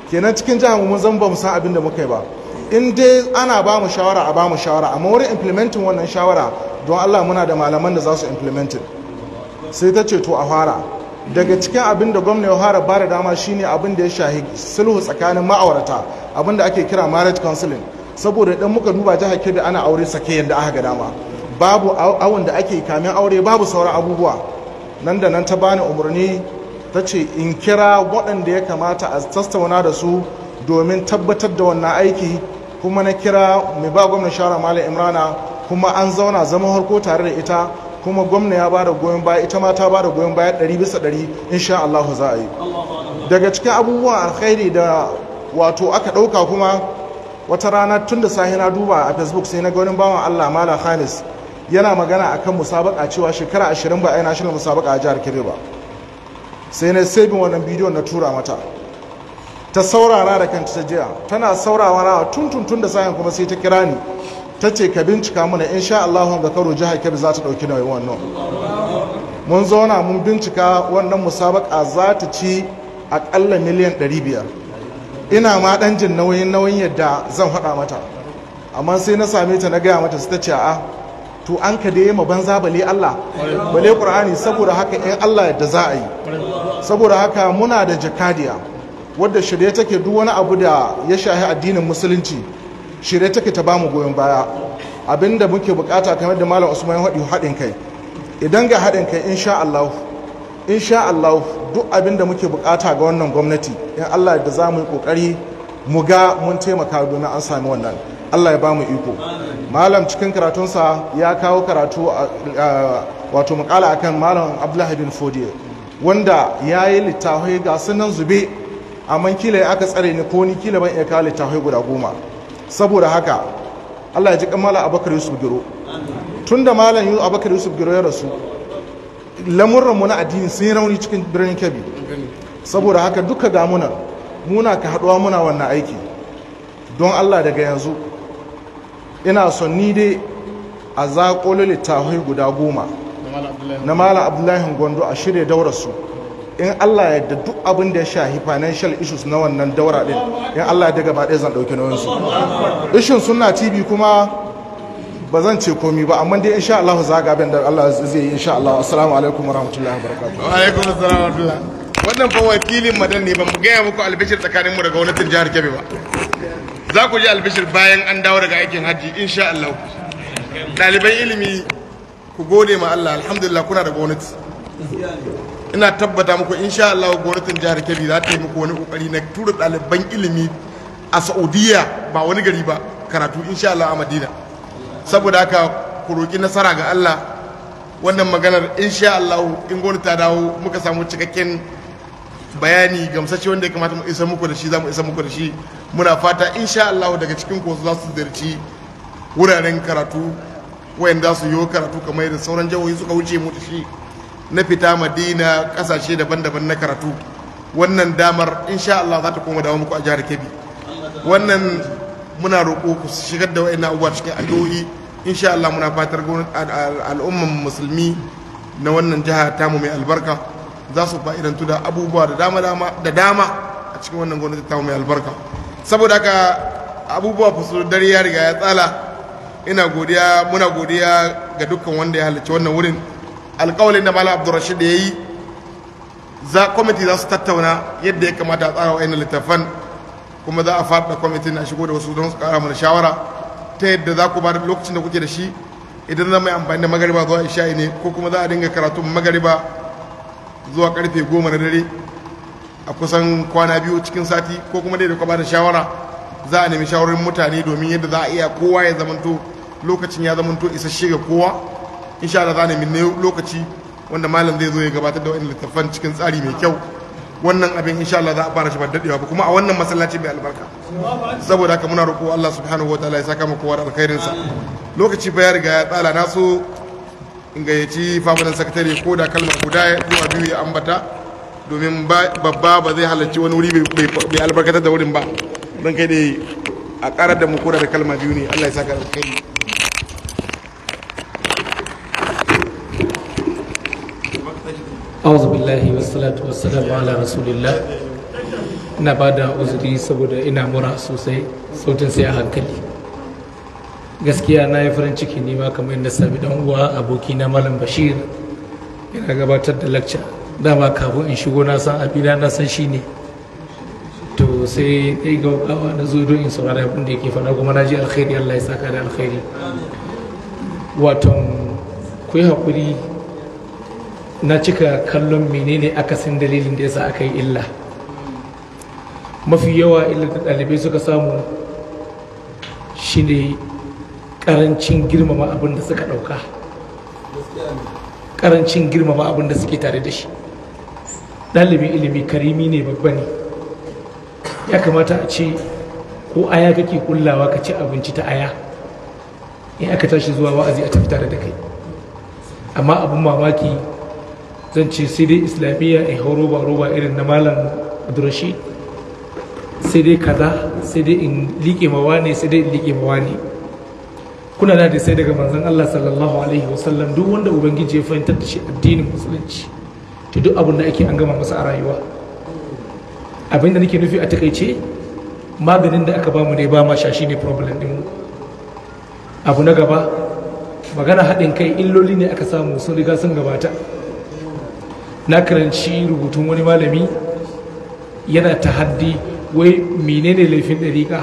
kenan cikin jihar mun zama ba mu san abin da muka yi ba in dai ana ba mu shawara a ba mu shawara amma wurin implementin wannan shawara don Allah muna da malaman da za su implementin sai ta ce to a fara daga cikin abin da gwamna ya fara bada dama shine abin da ya shahi sulhu tsakanin ma'aurata abin da ake kira marriage counseling saboda idan muka duba jihar da ana aure sake yadda aka ga dama babu awon da ake kamin aure babu sauran abubuwa nan da nan ta bani umarni ta ce in kira waɗanda ya kamata a tattauna da su domin tabbatar da wannan aiki kuma na kira mai ba gwamnan shara malam imrana kuma an zauna zama harko tare da ita kuma gwamna ya bada goyon baya ita ma ta bada goyon baya 100 bisa 100 insha Allah za a yi daga cikin abubuwan alkhairi da wato aka dauka kuma wata rana tun da sahi na duba a Facebook sai na ga wani bawan Allah Malam khalis yana magana akan musabaka cewa shekara 20 ba a yi national musabaka a jihar Kebbi sai na sabin wannan bidiyon na tura mata ta saurara da kanta ta jiya tana saurawa na tun tun da sayan kuma sai ta kira ni ta ce ka bincika mana in sha Allah ga karo jihar kebbi za ta ɗauki nauyin wannan mun zauna mun bincika wannan musabaka za ta ci aƙalla miliyan ɗari biyar. ina ma ɗan jin nauyin nauyin yadda zan haɗa mata amma sai na same ta na gaya mata su ta ce a to an ka dai ma banza bale Allah bale Qur'ani saboda haka in Allah yadda za a yi saboda haka muna da jakadiya wadda shirye take duk wani abu da ya shahi addinin musulunci shirye take ta bamu goyon baya abinda muke bukata kamar da malam usman hadi hadin kai idan ga hadin kai insha Allah insha Allah duk abinda muke bukata ga wannan gwamnati in Allah da zamu yi kokari mu ga mun taimaka domin an sami wannan Allah ya bamu iko malam cikin karatunsa ya kawo karatu wato makala akan malam Abdullahi bin Fodiye wanda ya yi littafai ga sunan zube amma kila ya aka tsare ni ko ni kila ban iya kawo littafai guda goma saboda haka Allah ya ji kamala abakar yusuf giro tun da malam yusuf abakar yusuf giro ya rasu lamurranmu na addini sun yi rauni cikin birnin kebbi saboda haka duka damunan muna ka haduwa muna wannan aiki don Allah daga yanzu ina son ni dai a zaƙolo littafai guda goma na malam abdullahi gondo a shirya daurarsu in Allah yadda duk abin da ya shahi financial issues na wannan daura din in Allah daga ba ɗaya zan ɗauki nauyin su ishin suna tv kuma ba zan ce komi ba amma dai insha Allah za ga abin da Allah zai yi insha Allah assalamu alaikum warahmatullahi wabarakatuh wa alaikum assalam wannan fa wakilin madan ne ba mu gaya muku albishir tsakanin mu da gwamnatin jihar Kebbi ba za ku ji albishir bayan an dawo daga aikin hajji insha Allah ɗaliban ilimi ku gode ma Allah alhamdulillah kuna da gwamnati ina tabbata muku insha Allah gwamnatin jihar Kebbi za ta yi muku wani kokari na tura ɗaliban ilimi a Saudiya ba wani gari ba karatu insha Allah a Madina saboda haka ku roki nasara ga Allah wannan maganar insha Allah in gwamnati ta dawo muka samu cikakken bayani gamsashe wanda ya kamata mu isa muku da shi za mu isa muku da shi muna fata insha Allah daga cikin ku za su ziyarci wuraren karatu wayanda su yi karatu kamar da sauran jihohi suka wuce mu da shi na fita madina kasashe daban-daban na karatu wannan damar insha Allah za ta koma dawo muku a jihar Kebbi wannan muna roƙo ku shigar da wa'annan abubuwa cikin addu'o'i insha Allah muna fatar al'umman musulmi na wannan jiha mu mai albarka za su fa'idantu da abubuwa da dama da dama a cikin wannan gwamnati mu mai albarka saboda haka abubuwa su dare ya riga ya tsala ina godiya muna godiya ga dukkan wanda ya halarci wannan wurin alƙawalin da malam abdurrashid ya yi za kwamiti za su tattauna yadda ya kamata a tsara wa ainihin littafan kuma za a faɗa kwamitin a shigo da wasu don su ƙara mana shawara ta yadda za ku ba da lokacin da kuke da shi idan za mu yi amfani da magariba zuwa isha ne ko kuma za a dinga karatun magariba zuwa karfe goma na dare a kusan kwana biyu cikin sati ko kuma dai da kwa ba da shawara za a nemi shawarar mutane domin yadda za a iya kowa ya zamanto lokacin ya zamanto isasshe ga kowa insha Allah za ne min lokaci wanda malam zai zo ya gabatar da wani littafan cikin tsari mai kyau wannan abin insha Allah za a fara shi ba dadewa ba kuma a wannan masallaci mai albarka saboda haka muna roƙo Allah subhanahu ta'ala ya saka mu kowa da alkhairin sa lokaci ba ya riga ya tsala na so in gayyaci fafadan sakatare ko da kalma guda zuwa biyu ya ambata domin babba ba zai halarci wani wuri bai albarkatar da wurin ba don kai dai a karar da mu koda da kalma biyu ne Allah ya saka alkhairi auzu billahi wassalatu wassalamu ala rasulillah ina ba da uzuri saboda ina mura sosai sautin sai a hankali gaskiya na yi farin ciki ne ma kamar yadda sami dan uwa aboki na malam bashir yana gabatar da lacca dama kafin in shigo na san abina na san shi ne to sai dai gaugawa na zo don in saurara abin da yake faɗa kuma na ji alkhairi allah ya saka da alkhairi waton ku yi na cika kallon menene akasin dalilin da yasa aka yi illa mafi yawa illa da ɗalibai suka samu ne ƙarancin girmama abin da suka ɗauka ƙarancin girmama abin da suke tare da shi ɗalibin ilimi karimi ne babba ne ya kamata a ce ko aya kake kullawa ka ci abinci ta aya in aka tashi zuwa wa'azi a tafi tare da kai amma abin mamaki zan ce sai dai islamiyya in hau roba roba irin na malam durashi. sai dai kaza sai dai in liƙe mawa ne sai dai in liƙe mawa ne kuna da sai daga manzan Allah sallallahu alaihi wasallam duk wanda ubangiji ya fahimtar da shi addinin musulunci to duk abin da ake an gama masa a rayuwa abin da nake nufi a takaice maganin da aka bamu ne ba ma shashi ne problem din abu na gaba magana haɗin kai illoli ne aka samu sun riga sun gabata na karanci rubutun wani malami yana ta haddi wai menene laifin ɗariƙa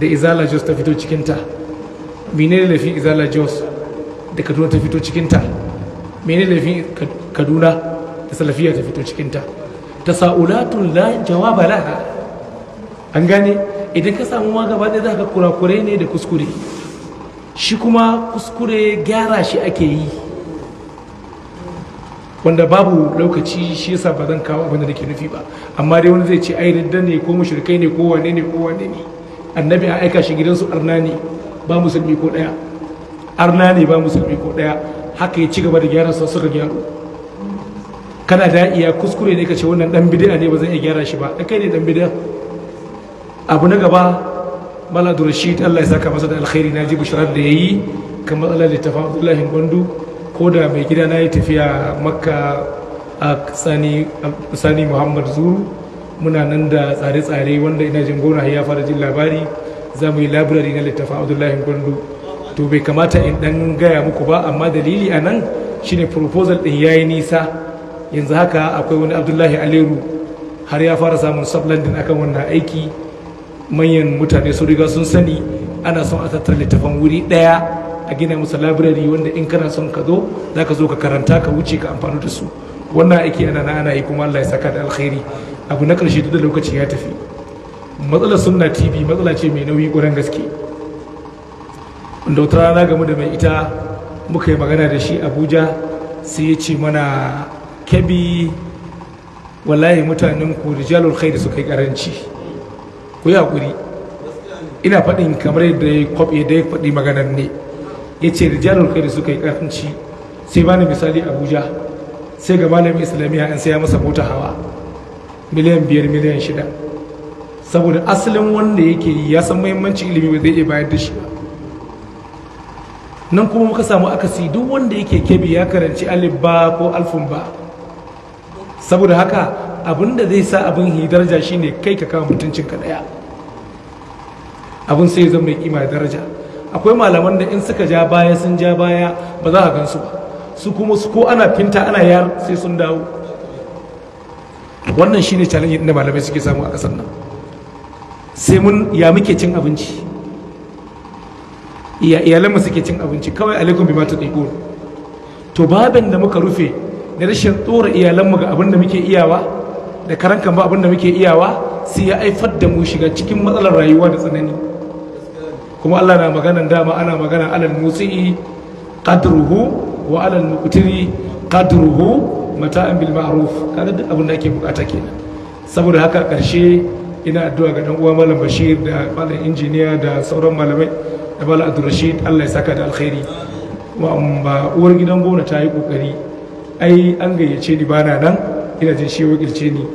da izala jos ta fito cikinta menene laifin izala jos da kaduna ta fito cikinta menene laifin kaduna da salafiya ta fito cikinta ta sa'ulatun la jawaba laha an gane idan ka samu ma gaba ɗaya za ka kurakurai ne da kuskure shi kuma kuskure gyara shi ake yi wanda babu lokaci shi yasa ba zan kawo abin da nake nufi ba amma dai wani zai ce ai ridda ne ko mushrikai ne ko wane ne ko wane ne annabi a aika shi gidansu arna ne ba musulmi ko daya arna ne ba musulmi ko daya haka ya ci gaba da gyara sa suka gyaro kana da iya kuskure ne ka ce wannan dan bid'a ne ba zan iya gyara shi ba kai ne dan bid'a abu na gaba maladu rashid Allah ya saka masa da alkhairi na ji da yayi kamar Allah da tafadullahi gwandu ko da mai gida na yi tafiya makka a sani muhammad zuru muna nan da tsare-tsare wanda ina jin gona ya fara jin labari za mu yi labirari na littafin abdullahi gwandu to bai kamata in dan gaya muku ba amma dalili a nan shine proposal din ya yi nisa yanzu haka akwai wani abdullahi Aliru har ya fara samun sublandin akan wannan aiki manyan mutane sun riga sun sani ana son a tattara littafan wuri ɗaya. a gina musu library wanda in kana son ka zo za ka zo ka karanta ka wuce ka amfani da su wannan aiki ana na ana yi kuma Allah ya saka da alkhairi abu na karshe duk da lokaci ya tafi matsalar sunna tv matsala ce mai nauyi gurin gaske wanda wata rana game da mai ita muka yi magana da shi abuja sai ya ce mana kebi wallahi mutanen ku rijalul khairi su kai karanci ku yi hakuri ina faɗin kamar yadda ya kwaɓe da ya faɗi maganar ne ya ce da rijalul da suka yi karfinci sai bani misali abuja sai ga malamin islamiyya an saya masa mota hawa miliyan biyar miliyan shida saboda asalin wanda yake yi ya san muhimmanci ilimi ba zai iya bayar da shi ba nan kuma muka samu akasi duk wanda yake kebi ya karanci alif ba ko alfun ba saboda haka abin da zai sa abin yi daraja shine kai ka kama mutuncinka ka daya abin sai ya zama mai kima da daraja akwai malaman da in suka ja baya sun ja baya ba za a gansu ba su kuma su ko ana finta ana yar sai sun dawo wannan shi ne challenge da malamai suke samu a kasar nan sai mun ya muke cin abinci iya iyalanmu suke cin abinci kawai alaikum bima tudiqun to babin da muka rufe da rashin tsora iyalanmu ga abin da muke iyawa da karan ba abin da muke iyawa sai ya aifar da mu shiga cikin matsalar rayuwa da tsanani kuma Allah na maganan dama ana maganan alal mutsi'i qadruhu wa alal muqtiri qadruhu mata'an bil ma'ruf kaga duk abin da ake bukata kenan saboda haka karshe ina addu'a ga dan uwa malam Bashir da malam injiniya da sauran malamai da malam Abdulrashid Allah ya saka da alkhairi wa ba uwar gidan gona ta yi kokari ai an gayyace ni bana nan ina jin shi wakilce ni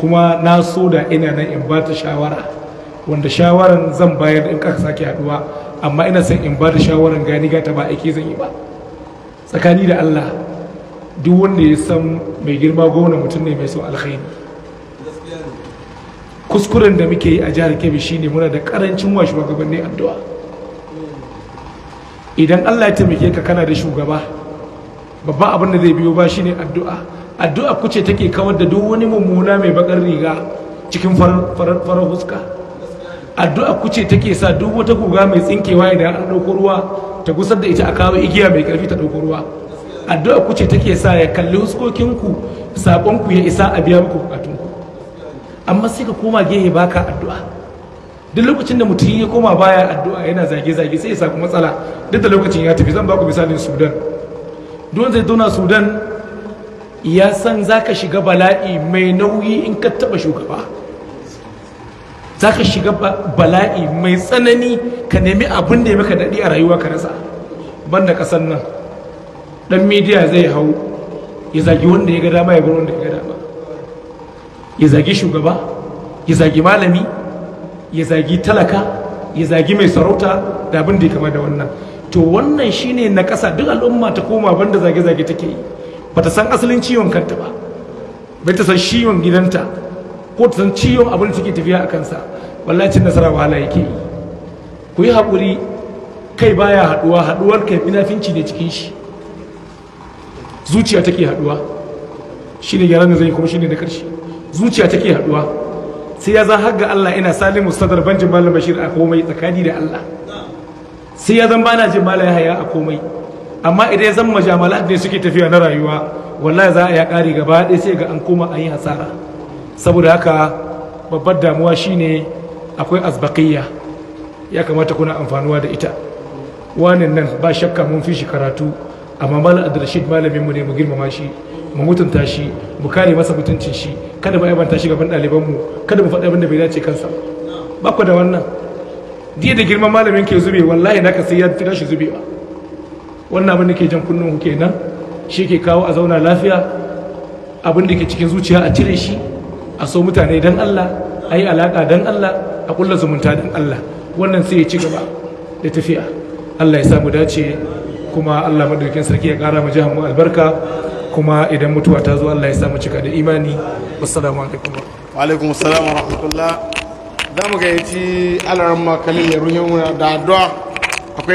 kuma na so da ina nan in ba ta shawara wanda shawaran zan bayar in aka sake haduwa amma ina son in ba da shawaran gani gata ba aiki zan yi ba tsakani da Allah duk wanda ya san mai girma gona mutum ne mai so alkhairi kuskuren da muke yi a jihar Kebbi shine muna da karancin wa shugabanni addu'a idan Allah ya taimake ka kana da shugaba babban abin da zai biyo ba shine addu'a addu'a kuce take kawar da duk wani mummuna mai bakar riga cikin farar fuska addu'a kuce take sa duk wata guga mai tsinkewa idan an dauko ruwa ta gusar da ita a kawo igiya mai karfi ta ɗauko ruwa addu'a kuce take sa ya kalli sakon ku ya isa a biya muku ku? amma sai ka koma gehe baka addu'a duk lokacin da mutum ya koma baya addu'a yana zage-zage sai ya saku matsala duk da lokacin ya tafi zan baku misalin sudan don zai zauna sudan ya san zaka shiga bala'i mai nauyi in ka taba shugaba za ka shiga bala'i mai tsanani ka nemi abin da ya maka daɗi a rayuwa ka rasa banda ƙasar nan ɗan midiya zai hau ya zagi wanda ya ga dama ya bar wanda ya ga dama ya zagi shugaba ya zagi malami ya zagi talaka ya zagi mai sarauta da abin da ya kama da wannan to wannan shine na ƙasa duk al'umma ta koma banda zage-zage take yi bata san asalin ciwon kanta ba bai ta san ciwon gidanta ko ta san ciwon abin da suke tafiya a kansa wallahi cin nasara wahala yake yi ku yi haƙuri kai baya haɗuwa haɗuwar kai binafinci ne cikin shi zuciya take haɗuwa shi ne gyaran da zai kuma shi ne na ƙarshe zuciya take haɗuwa sai ya zan har ga Allah ina salimu sadar ban jin malam bashir a komai tsakani da Allah sai ya zan bana jin malam haya a komai amma idan ya zan majamalat ne suke tafiya na rayuwa wallahi za a ya ƙari gaba ɗaya sai ga an koma a yi hasara saboda haka babbar damuwa shi ne akwai azbaƙiyya ya kamata kuna amfanuwa da ita wannan nan ba shakka mun fi shi karatu amma mal adrashid malaminmu ne mu girmama shi mu mutunta shi mu kare masa mutuncin shi kada mu aibanta shi gaban ɗalibanmu kada mu faɗi abin da bai dace kansa ba ku da wannan diya da girman malamin ke zube wallahi naka sai ya fi shi zubewa wannan abin da ke jan kunnen ku kenan shi ke kawo a zauna lafiya abin da ke cikin zuciya a cire shi a so mutane dan Allah a yi alaƙa dan Allah a ƙulla zumunta dan Allah wannan sai ya ci gaba da tafiya Allah ya samu dace kuma Allah maɗaukin sarki ya ƙara mu jihar mu albarka kuma idan mutuwa ta zo Allah ya samu cika da imani wassalamu alaikum wa alaikum assalam wa rahmatullah za mu gayyaci alaran makalin ya ruhin da addu'a